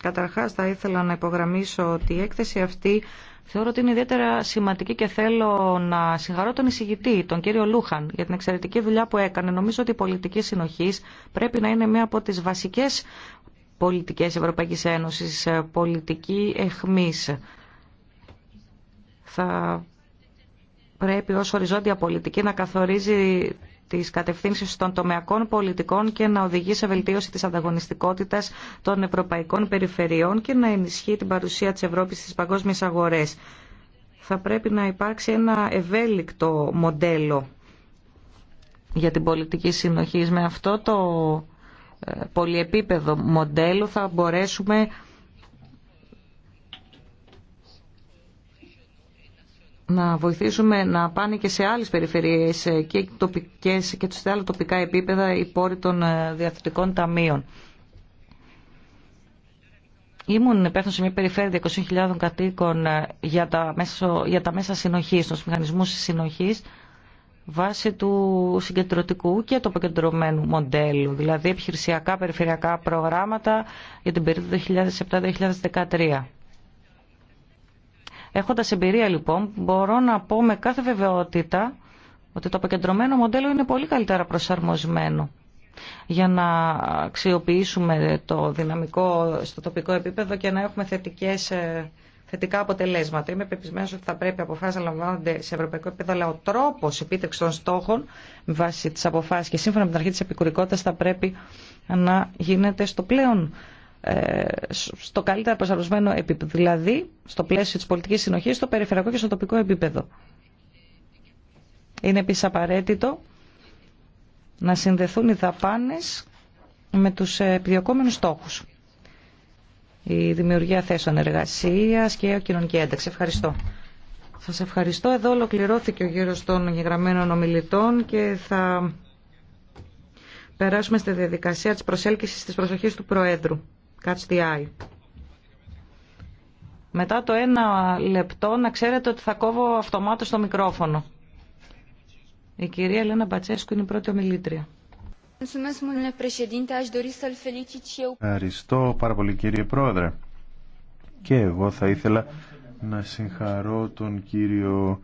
Καταρχάς θα ήθελα να υπογραμμίσω ότι η έκθεση αυτή θεωρώ ότι είναι ιδιαίτερα σημαντική και θέλω να συγχαρώ τον εισηγητή, τον κύριο Λούχαν, για την εξαιρετική δουλειά που έκανε. Νομίζω ότι η πολιτική συνοχή πρέπει να είναι μία από τις βασικές πολιτικές Ευρωπαϊκής Ένωσης, πολιτική εχμής. Θα πρέπει ως οριζόντια πολιτική να καθορίζει τις κατευθύνσεις των τομεακών πολιτικών και να οδηγεί σε βελτίωση της ανταγωνιστικότητας των ευρωπαϊκών περιφερειών και να ενισχύει την παρουσία της Ευρώπης στις παγκόσμιες αγορές. Θα πρέπει να υπάρξει ένα ευέλικτο μοντέλο για την πολιτική συνοχή. Με αυτό το ε, πολυεπίπεδο μοντέλο θα μπορέσουμε να βοηθήσουμε να πάνε και σε άλλες περιφερειές ε, και τοπικές και σε άλλα τοπικά επίπεδα οι πόροι των ε, διαθετικών ταμείων. Ήμουν υπεύθυνο σε μια περιφέρεια 20.000 κατοίκων ε, για τα, μέσα, για τα μέσα συνοχής, των μηχανισμούς συνοχής, βάσει του συγκεντρωτικού και του αποκεντρωμένου μοντέλου, δηλαδή επιχειρησιακά περιφερειακά προγράμματα για την περίοδο 2007-2013. Έχοντα εμπειρία λοιπόν, μπορώ να πω με κάθε βεβαιότητα ότι το αποκεντρωμένο μοντέλο είναι πολύ καλύτερα προσαρμοσμένο για να αξιοποιήσουμε το δυναμικό στο τοπικό επίπεδο και να έχουμε θετικές, ε, θετικά αποτελέσματα. Είμαι πεπισμένος ότι θα πρέπει αποφάσεις να λαμβάνονται σε ευρωπαϊκό επίπεδο, αλλά ο τρόπος επίτευξης των στόχων με βάση τις αποφάσεις και σύμφωνα με την αρχή της επικουρικότητας θα πρέπει να γίνεται στο πλέον ε, στο καλύτερα προσαρμοσμένο επίπεδο, δηλαδή στο πλαίσιο της πολιτικής συνοχής, στο περιφερειακό και στο τοπικό επίπεδο. Είναι επίσης απαραίτητο να συνδεθούν οι δαπάνες με τους επιδιωκόμενους στόχους. Η δημιουργία θέσεων εργασίας και κοινωνική ένταξη. Ευχαριστώ. Σας ευχαριστώ. Εδώ ολοκληρώθηκε ο γύρος των γεγραμμένων ομιλητών και θα περάσουμε στη διαδικασία της προσέλκυσης της προσοχής του Προέδρου. Catch the Eye. Μετά το ένα λεπτό να ξέρετε ότι θα κόβω αυτομάτως το μικρόφωνο. Η κυρία Ελένα Μπατσέσκου είναι η πρώτη ομιλήτρια. Ευχαριστώ πάρα πολύ κύριε Πρόεδρε. Και εγώ θα ήθελα να συγχαρώ τον κύριο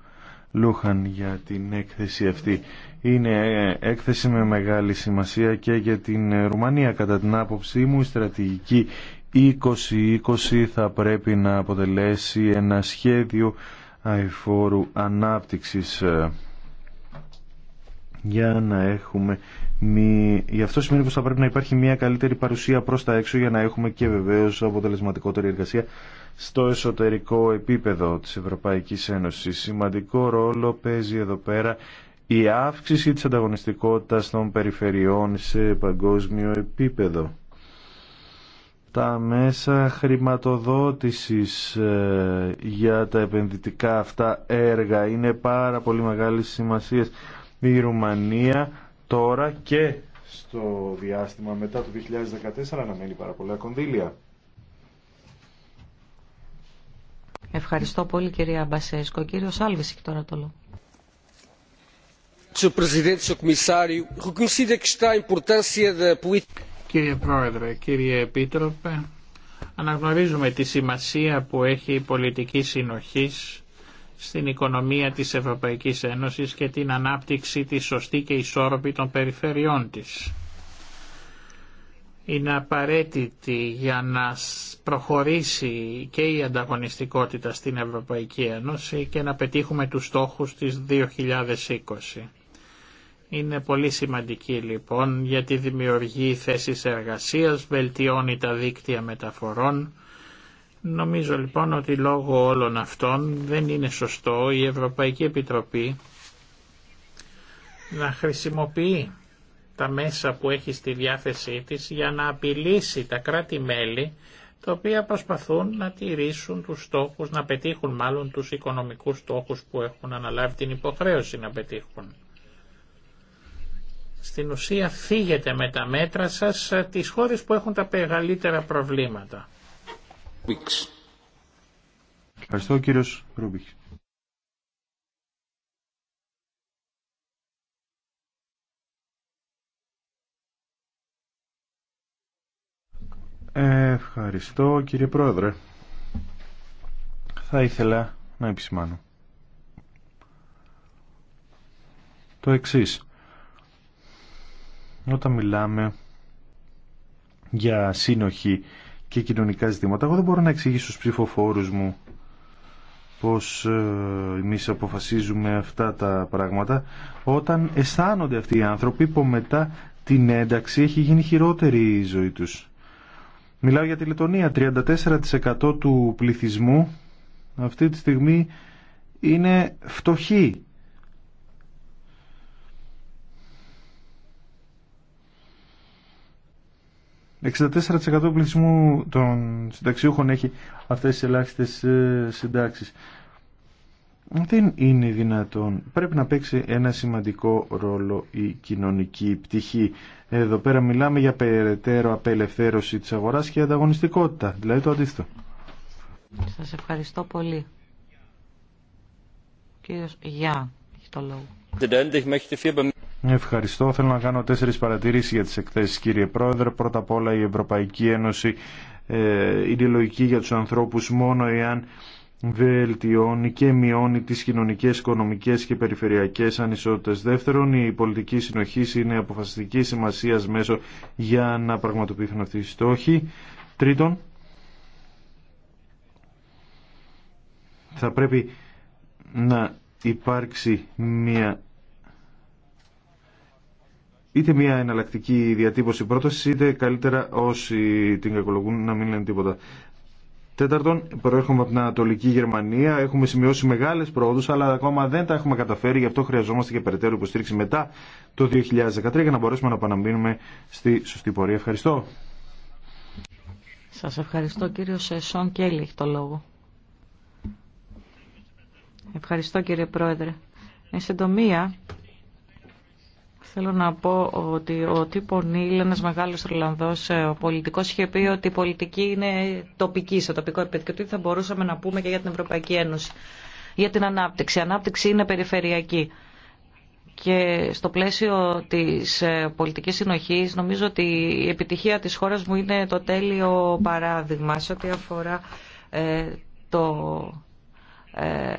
Λούχαν για την έκθεση αυτή. Είναι ε, έκθεση με μεγάλη σημασία και για την ε, Ρουμανία. Κατά την άποψή μου η στρατηγική 2020 θα πρέπει να αποτελέσει ένα σχέδιο αηφόρου ανάπτυξης ε, για να έχουμε μη... Γι' αυτό σημαίνει πως θα πρέπει να υπάρχει μια καλύτερη παρουσία προς τα έξω για να έχουμε και βεβαίως αποτελεσματικότερη εργασία στο εσωτερικό επίπεδο της Ευρωπαϊκής Ένωσης. Σημαντικό ρόλο παίζει εδώ πέρα η αύξηση της ανταγωνιστικότητας των περιφερειών σε παγκόσμιο επίπεδο. Τα μέσα χρηματοδότησης ε, για τα επενδυτικά αυτά έργα είναι πάρα πολύ μεγάλη σημασία. Η Ρουμανία τώρα και στο διάστημα μετά το 2014 αναμένει πάρα πολλά κονδύλια. Ευχαριστώ πολύ κυρία Μπασέσκο. Κύριος Άλβης έχει τώρα το λόγο. Κύριε Πρόεδρε, κύριε Επίτροπε, αναγνωρίζουμε τη σημασία που έχει η πολιτική συνοχής στην οικονομία της Ευρωπαϊκής Ένωσης και την ανάπτυξη της σωστή και ισόρροπη των περιφερειών της είναι απαραίτητη για να προχωρήσει και η ανταγωνιστικότητα στην Ευρωπαϊκή Ένωση και να πετύχουμε τους στόχους της 2020. Είναι πολύ σημαντική λοιπόν γιατί δημιουργεί θέσεις εργασίας, βελτιώνει τα δίκτυα μεταφορών. Νομίζω λοιπόν ότι λόγω όλων αυτών δεν είναι σωστό η Ευρωπαϊκή Επιτροπή να χρησιμοποιεί τα μέσα που έχει στη διάθεσή της για να απειλήσει τα κράτη-μέλη τα οποία προσπαθούν να τηρήσουν τους στόχους, να πετύχουν μάλλον τους οικονομικούς στόχους που έχουν αναλάβει την υποχρέωση να πετύχουν. Στην ουσία φύγετε με τα μέτρα σας ε, τις χώρες που έχουν τα μεγαλύτερα προβλήματα. Ευχαριστώ κύριος Ευχαριστώ κύριε Πρόεδρε. Θα ήθελα να επισημάνω το εξής. Όταν μιλάμε για σύνοχη και κοινωνικά ζητήματα, εγώ δεν μπορώ να εξηγήσω στους ψηφοφόρους μου πως ε, εμείς αποφασίζουμε αυτά τα πράγματα όταν αισθάνονται αυτοί οι άνθρωποι που μετά την ένταξη έχει γίνει χειρότερη η ζωή τους. Μιλάω για τη Λετωνία. 34% του πληθυσμού αυτή τη στιγμή είναι φτωχοί. του πληθυσμού των συνταξιούχων έχει αυτές τις ελάχιστες ε, συντάξεις δεν είναι δυνατόν. Πρέπει να παίξει ένα σημαντικό ρόλο η κοινωνική πτυχή. Εδώ πέρα μιλάμε για περαιτέρω απελευθέρωση της αγοράς και ανταγωνιστικότητα, δηλαδή το αντίθετο. Σας ευχαριστώ πολύ. Κύριος Γιά, έχει το λόγο. Ευχαριστώ. Θέλω να κάνω τέσσερις παρατηρήσεις για τις εκθέσεις, κύριε Πρόεδρε. Πρώτα απ' όλα η Ευρωπαϊκή Ένωση ε, είναι λογική για τους ανθρώπους μόνο εάν βελτιώνει και μειώνει τις κοινωνικές, οικονομικές και περιφερειακές ανισότητες. Δεύτερον, η πολιτική συνοχή είναι αποφασιστική σημασία μέσω για να πραγματοποιηθούν αυτοί οι στόχοι. Τρίτον, θα πρέπει να υπάρξει μια είτε μια εναλλακτική διατύπωση πρόταση, είτε καλύτερα όσοι την κακολογούν να μην λένε τίποτα. Τέταρτον, προέρχομαι από την Ανατολική Γερμανία. Έχουμε σημειώσει μεγάλε πρόοδου, αλλά ακόμα δεν τα έχουμε καταφέρει. Γι' αυτό χρειαζόμαστε και περαιτέρω υποστήριξη μετά το 2013 για να μπορέσουμε να παραμείνουμε στη σωστή πορεία. Ευχαριστώ. Σα ευχαριστώ, κύριο Σεσόν Κέλλη, έχει το λόγο. Ευχαριστώ, κύριε Πρόεδρε. Εν συντομία, Θέλω να πω ότι ο Τίπο Νίλ, ένας μεγάλος Ρολανδός ε, ο πολιτικός, είχε πει ότι η πολιτική είναι τοπική, σε τοπικό επίπεδο και ότι θα μπορούσαμε να πούμε και για την Ευρωπαϊκή Ένωση, για την ανάπτυξη. Η ανάπτυξη είναι περιφερειακή. Και στο πλαίσιο της ε, πολιτικής συνοχής νομίζω ότι η επιτυχία της χώρας μου είναι το τέλειο παράδειγμα σε ό,τι αφορά ε, το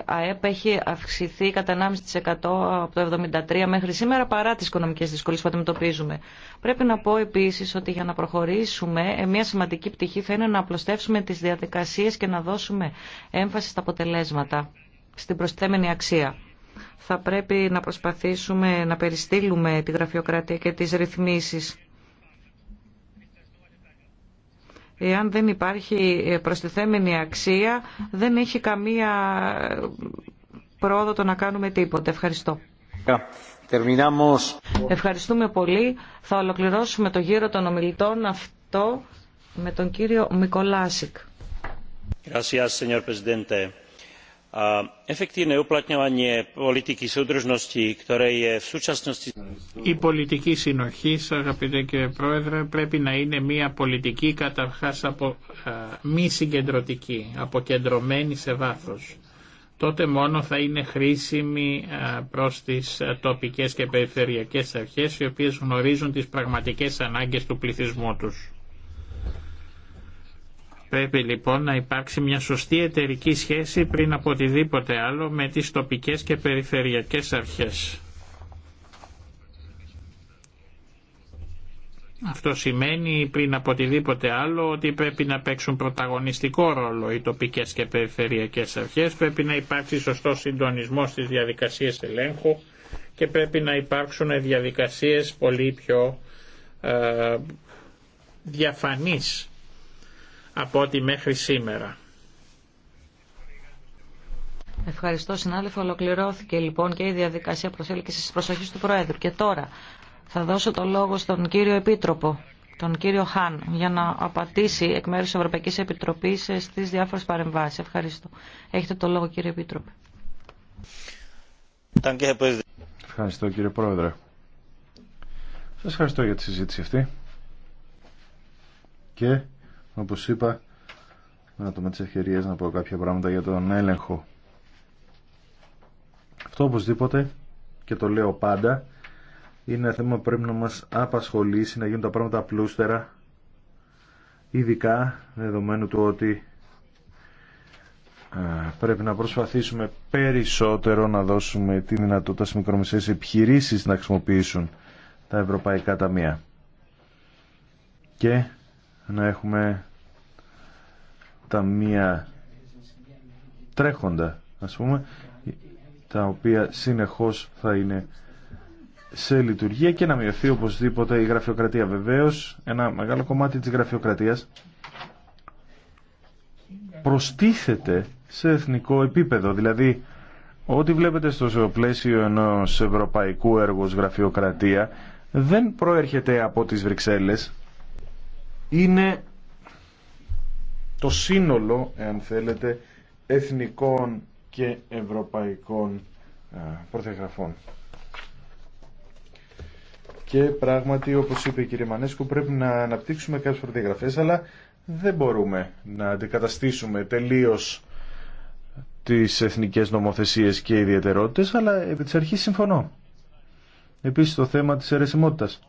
ΑΕΠ έχει αυξηθεί κατά 1,5% από το 1973 μέχρι σήμερα παρά τις οικονομικές δυσκολίες που αντιμετωπίζουμε. Πρέπει να πω επίσης ότι για να προχωρήσουμε ε, μια σημαντική πτυχή θα είναι να απλωστεύσουμε τις διαδικασίες και να δώσουμε έμφαση στα αποτελέσματα, στην προσθέμενη αξία. Θα πρέπει να προσπαθήσουμε να περιστήλουμε τη γραφειοκρατία και τις ρυθμίσεις Εάν δεν υπάρχει προστιθέμενη αξία, δεν έχει καμία πρόοδο το να κάνουμε τίποτα. Ευχαριστώ. Ευχαριστούμε πολύ. Θα ολοκληρώσουμε το γύρο των ομιλητών αυτό με τον κύριο Μικολάσικ. Gracias, señor efektívne uplatňovanie politiky súdržnosti ktoré je v súčasnosti. η πολιτική συνοχή αγαπητέ κύριε πρόεδρε πρέπει να είναι μια πολιτική καταρχά απο, ε, μη συγκεντρωτική αποκεντρωμένη σε βάθο. τότε μόνο θα είναι χρήσιμη ε, προ τι ε, τοπικέ και περιφερειακέ, αρχέ, οι οποίε γνωρίζουν τι πραγματικέ ανάγκε του πληθυσμού του πρέπει λοιπόν να υπάρξει μια σωστή εταιρική σχέση πριν από οτιδήποτε άλλο με τις τοπικές και περιφερειακές αρχές. Αυτό σημαίνει πριν από οτιδήποτε άλλο ότι πρέπει να παίξουν πρωταγωνιστικό ρόλο οι τοπικές και περιφερειακές αρχές, πρέπει να υπάρξει σωστό συντονισμός στις διαδικασίες ελέγχου και πρέπει να υπάρξουν διαδικασίες πολύ πιο ε, διαφανείς από ό,τι μέχρι σήμερα. Ευχαριστώ συνάδελφο. Ολοκληρώθηκε λοιπόν και η διαδικασία προσέλκυση τη προσοχή του Προέδρου. Και τώρα θα δώσω το λόγο στον κύριο Επίτροπο, τον κύριο Χάν, για να απαντήσει εκ μέρους τη Ευρωπαϊκής Επιτροπής ε, στις διάφορες παρεμβάσεις. Ευχαριστώ. Έχετε το λόγο κύριε Επίτροπε. Ευχαριστώ κύριε Πρόεδρε. Σα ευχαριστώ για τη συζήτηση αυτή και όπως είπα, να το με τις να πω κάποια πράγματα για τον έλεγχο. Αυτό οπωσδήποτε, και το λέω πάντα, είναι ένα θέμα που πρέπει να μας απασχολήσει, να γίνουν τα πράγματα απλούστερα, ειδικά δεδομένου του ότι ε, πρέπει να προσπαθήσουμε περισσότερο να δώσουμε τη δυνατότητα στις μικρομεσαίες επιχειρήσεις να χρησιμοποιήσουν τα ευρωπαϊκά ταμεία. Και να έχουμε τα μία τρέχοντα ας πούμε τα οποία συνεχώς θα είναι σε λειτουργία και να μειωθεί οπωσδήποτε η γραφειοκρατία. Βεβαίως ένα μεγάλο κομμάτι της γραφειοκρατίας προστίθεται σε εθνικό επίπεδο. Δηλαδή ό,τι βλέπετε στο πλαίσιο ενός ευρωπαϊκού έργους γραφειοκρατία δεν προέρχεται από τις Βρυξέλλες είναι το σύνολο, εάν θέλετε, εθνικών και ευρωπαϊκών πρωτεγραφών. Και πράγματι, όπως είπε η κυρία Μανέσκου, πρέπει να αναπτύξουμε κάποιες πρωτεγραφές, αλλά δεν μπορούμε να αντικαταστήσουμε τελείως τις εθνικές νομοθεσίες και ιδιαιτερότητες, αλλά επί της αρχής συμφωνώ. Επίσης το θέμα της αιρεσιμότητας.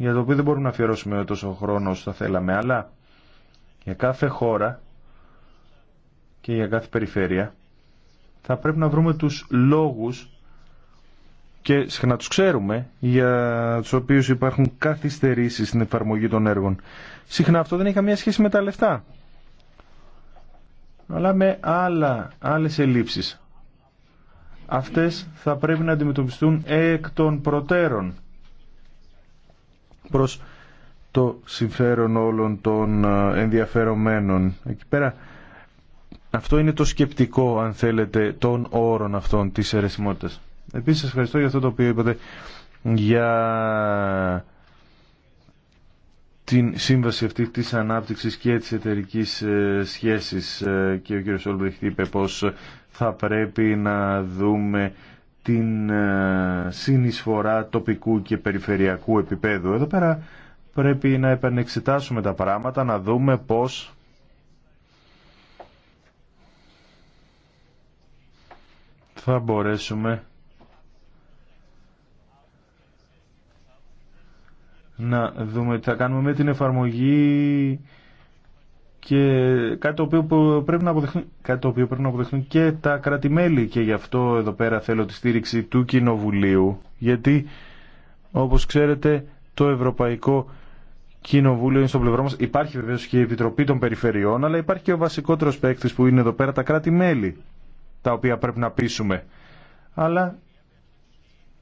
για το οποίο δεν μπορούμε να αφιερώσουμε τόσο χρόνο όσο θα θέλαμε, αλλά για κάθε χώρα και για κάθε περιφέρεια θα πρέπει να βρούμε τους λόγους και συχνά τους ξέρουμε για τους οποίους υπάρχουν καθυστερήσεις στην εφαρμογή των έργων. Συχνά αυτό δεν έχει καμία σχέση με τα λεφτά, αλλά με άλλα, άλλες ελλείψεις. Αυτές θα πρέπει να αντιμετωπιστούν εκ των προτέρων προς το συμφέρον όλων των ε, ενδιαφερομένων. Εκεί πέρα αυτό είναι το σκεπτικό, αν θέλετε, των όρων αυτών της αιρεσιμότητας. Επίσης, σας ευχαριστώ για αυτό το οποίο είπατε για την σύμβαση αυτή της ανάπτυξης και της εταιρική ε, σχέσης ε, και ο κ. Όλμπριχτ είπε πως θα πρέπει να δούμε την ε, συνεισφορά τοπικού και περιφερειακού επίπεδου. Εδώ πέρα πρέπει να επανεξετάσουμε τα πράγματα, να δούμε πώς θα μπορέσουμε να δούμε τι θα κάνουμε με την εφαρμογή και κάτι το οποίο πρέπει να αποδεχθούν, κάτι το οποίο πρέπει να αποδεχθούν και τα κρατημέλη και γι' αυτό εδώ πέρα θέλω τη στήριξη του Κοινοβουλίου γιατί όπως ξέρετε το Ευρωπαϊκό Κοινοβούλιο είναι στο πλευρό μας υπάρχει βεβαίως και η Επιτροπή των Περιφερειών αλλά υπάρχει και ο βασικότερος παίκτη που είναι εδώ πέρα τα κράτη-μέλη τα οποία πρέπει να πείσουμε αλλά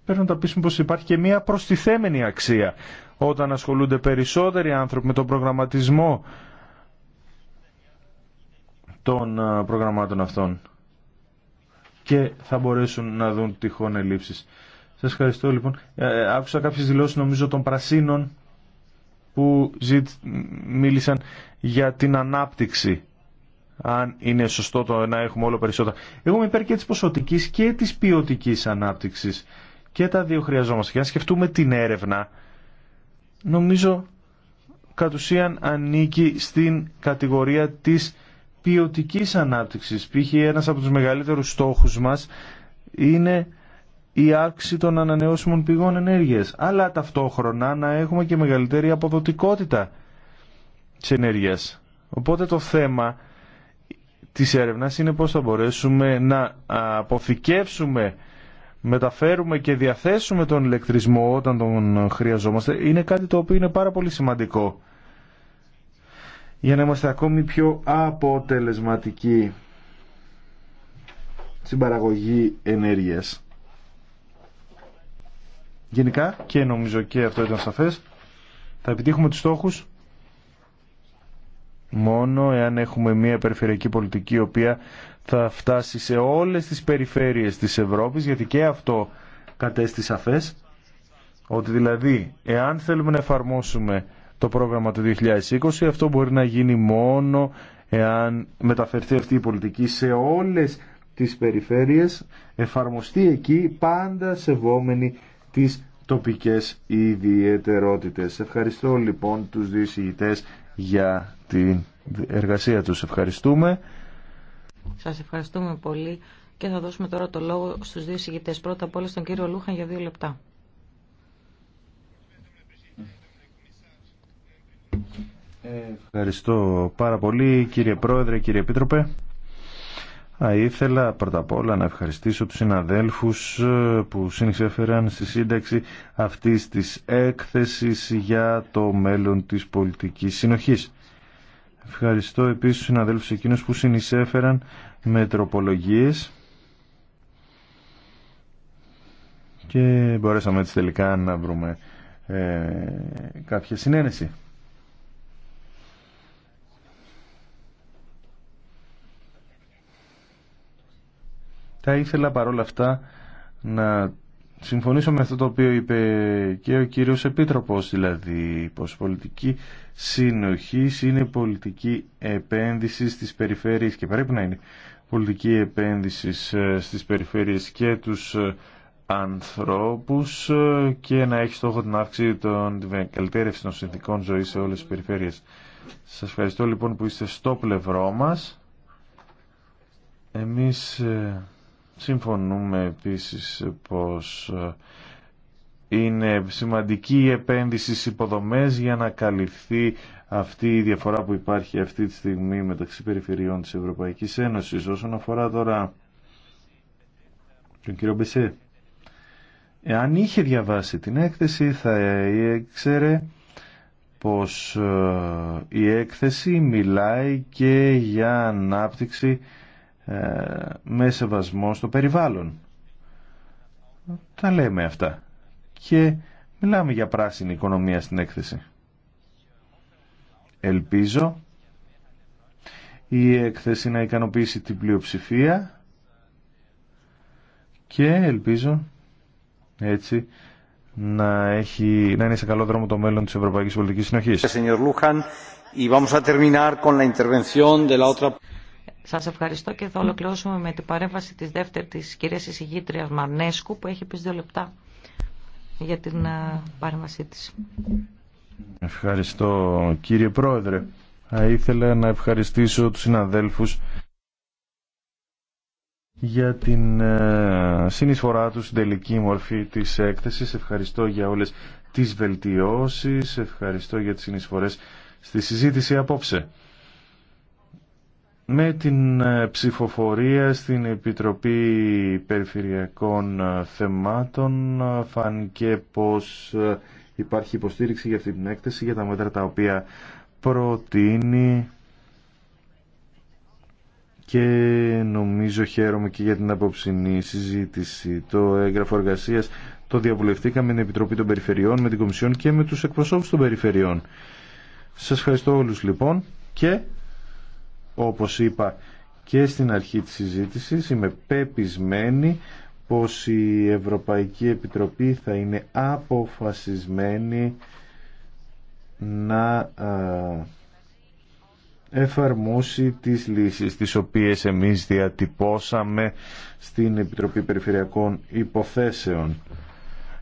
πρέπει να τα πείσουμε πως υπάρχει και μια προστιθέμενη αξία όταν ασχολούνται περισσότεροι άνθρωποι με τον προγραμματισμό των ε, προγραμμάτων αυτών και θα μπορέσουν να δουν τυχόν ελλείψεις. Σας ευχαριστώ λοιπόν. Ε, ε, άκουσα κάποιες δηλώσεις νομίζω των πρασίνων που μίλησαν για την ανάπτυξη. Αν είναι σωστό το να έχουμε όλο περισσότερα. Εγώ είμαι υπέρ και της ποσοτικής και της ποιοτικής ανάπτυξης. Και τα δύο χρειαζόμαστε. Και αν σκεφτούμε την έρευνα, νομίζω κατ' ουσίαν ανήκει στην κατηγορία της ποιοτικής ανάπτυξης. Π.χ. ένας από τους μεγαλύτερους στόχους μας είναι η αύξηση των ανανεώσιμων πηγών ενέργειας, αλλά ταυτόχρονα να έχουμε και μεγαλύτερη αποδοτικότητα τη ενέργειας. Οπότε το θέμα της έρευνας είναι πώς θα μπορέσουμε να αποθηκεύσουμε, μεταφέρουμε και διαθέσουμε τον ηλεκτρισμό όταν τον χρειαζόμαστε. Είναι κάτι το οποίο είναι πάρα πολύ σημαντικό για να είμαστε ακόμη πιο αποτελεσματικοί στην παραγωγή ενέργειας. Γενικά, και νομίζω και αυτό ήταν σαφές, θα επιτύχουμε τους στόχους μόνο εάν έχουμε μια περιφερειακή πολιτική η οποία θα φτάσει σε όλες τις περιφέρειες της Ευρώπης γιατί και αυτό κατέστη σαφές ότι δηλαδή εάν θέλουμε να εφαρμόσουμε το πρόγραμμα του 2020. Αυτό μπορεί να γίνει μόνο εάν μεταφερθεί αυτή η πολιτική σε όλες τις περιφέρειες, εφαρμοστεί εκεί πάντα σεβόμενη τις τοπικές ιδιαιτερότητες. Ευχαριστώ λοιπόν τους δύο για την εργασία τους. Ευχαριστούμε. Σας ευχαριστούμε πολύ και θα δώσουμε τώρα το λόγο στους δύο Πρώτα απ' όλα στον κύριο Λούχαν για δύο λεπτά. Ευχαριστώ πάρα πολύ κύριε Πρόεδρε, κύριε Επίτροπε. Α, ήθελα πρώτα απ' όλα να ευχαριστήσω τους συναδέλφους ε, που συνεισέφεραν στη σύνταξη αυτής της έκθεσης για το μέλλον της πολιτικής συνοχής. Ευχαριστώ επίσης τους συναδέλφους εκείνους που συνεισέφεραν με τροπολογίες και μπορέσαμε έτσι τελικά να βρούμε ε, κάποια συνένεση. Θα ήθελα παρόλα αυτά να συμφωνήσω με αυτό το οποίο είπε και ο κύριος Επίτροπος, δηλαδή πως πολιτική συνοχή είναι πολιτική επένδυση στις περιφέρειες και πρέπει να είναι πολιτική επένδυση ε, στις περιφέρειες και τους ε, ανθρώπους ε, και να έχει στόχο την αύξηση των καλυτέρευση των συνθήκων ζωής σε όλες τις περιφέρειες. Σας ευχαριστώ λοιπόν που είστε στο πλευρό μας. Εμείς Συμφωνούμε επίσης πως ε, είναι σημαντική η επένδυση στις υποδομές για να καλυφθεί αυτή η διαφορά που υπάρχει αυτή τη στιγμή μεταξύ περιφερειών της Ευρωπαϊκής Ένωσης. Όσον αφορά τώρα τον κύριο Μπεσέ, εάν είχε διαβάσει την έκθεση θα ήξερε πως ε, η έκθεση μιλάει και για ανάπτυξη ε, με σεβασμό στο περιβάλλον. Τα λέμε αυτά. Και μιλάμε για πράσινη οικονομία στην έκθεση. Ελπίζω η έκθεση να ικανοποιήσει την πλειοψηφία και ελπίζω έτσι να, έχει, να είναι σε καλό δρόμο το μέλλον της Ευρωπαϊκής Πολιτικής Συνοχής. Σας ευχαριστώ και θα ολοκληρώσουμε με την παρέμβαση της δεύτερης της κυρίας εισηγήτριας Μανέσκου που έχει πει δύο λεπτά για την παρέμβασή της. Ευχαριστώ κύριε Πρόεδρε. Θα ήθελα να ευχαριστήσω τους συναδέλφους για την συνεισφορά τους στην τελική μορφή της έκθεσης. Ευχαριστώ για όλες τις βελτιώσεις, ευχαριστώ για τις συνεισφορές στη συζήτηση απόψε με την ε, ψηφοφορία στην Επιτροπή Περιφερειακών ε, Θεμάτων ε, φάνηκε πως υπάρχει υποστήριξη για αυτή την έκθεση για τα μέτρα τα οποία προτείνει και νομίζω χαίρομαι και για την απόψινή συζήτηση. Το έγγραφο εργασία το διαβουλευτήκαμε με την Επιτροπή των Περιφερειών, με την Κομισιόν και με τους εκπροσώπους των Περιφερειών. Σας ευχαριστώ όλους λοιπόν και όπως είπα και στην αρχή της συζήτησης, είμαι πεπισμένη πως η Ευρωπαϊκή Επιτροπή θα είναι αποφασισμένη να εφαρμόσει τις λύσεις τις οποίες εμείς διατυπώσαμε στην Επιτροπή Περιφερειακών Υποθέσεων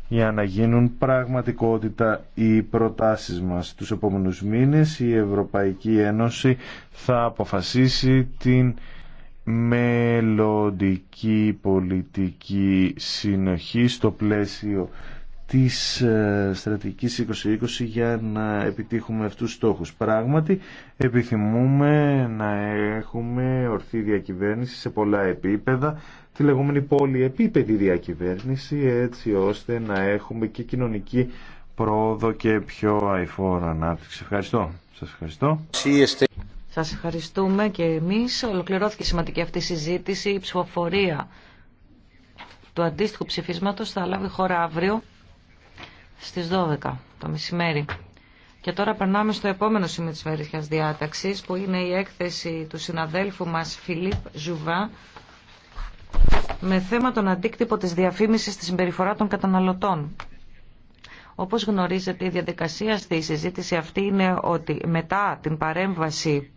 για να γίνουν πραγματικότητα οι προτάσεις μας. Τους επόμενους μήνες η Ευρωπαϊκή Ένωση θα αποφασίσει την μελλοντική πολιτική συνοχή στο πλαίσιο της ε, στρατηγικής 2020 για να επιτύχουμε αυτούς τους στόχους. Πράγματι, επιθυμούμε να έχουμε ορθή διακυβέρνηση σε πολλά επίπεδα τη λεγόμενη πολυεπίπεδη διακυβέρνηση έτσι ώστε να έχουμε και κοινωνική πρόοδο και πιο αηφόρο ανάπτυξη. Ευχαριστώ. Σας ευχαριστώ. Σας ευχαριστούμε και εμείς. Ολοκληρώθηκε σημαντική αυτή η συζήτηση. Η ψηφοφορία του αντίστοιχου ψηφίσματος θα λάβει χώρα αύριο στις 12 το μεσημέρι. Και τώρα περνάμε στο επόμενο σημείο της μερισιάς διάταξης που είναι η έκθεση του συναδέλφου μας Φιλίπ Ζουβά με θέμα τον αντίκτυπο της διαφήμισης στη συμπεριφορά των καταναλωτών. Όπως γνωρίζετε, η διαδικασία στη συζήτηση αυτή είναι ότι μετά την παρέμβαση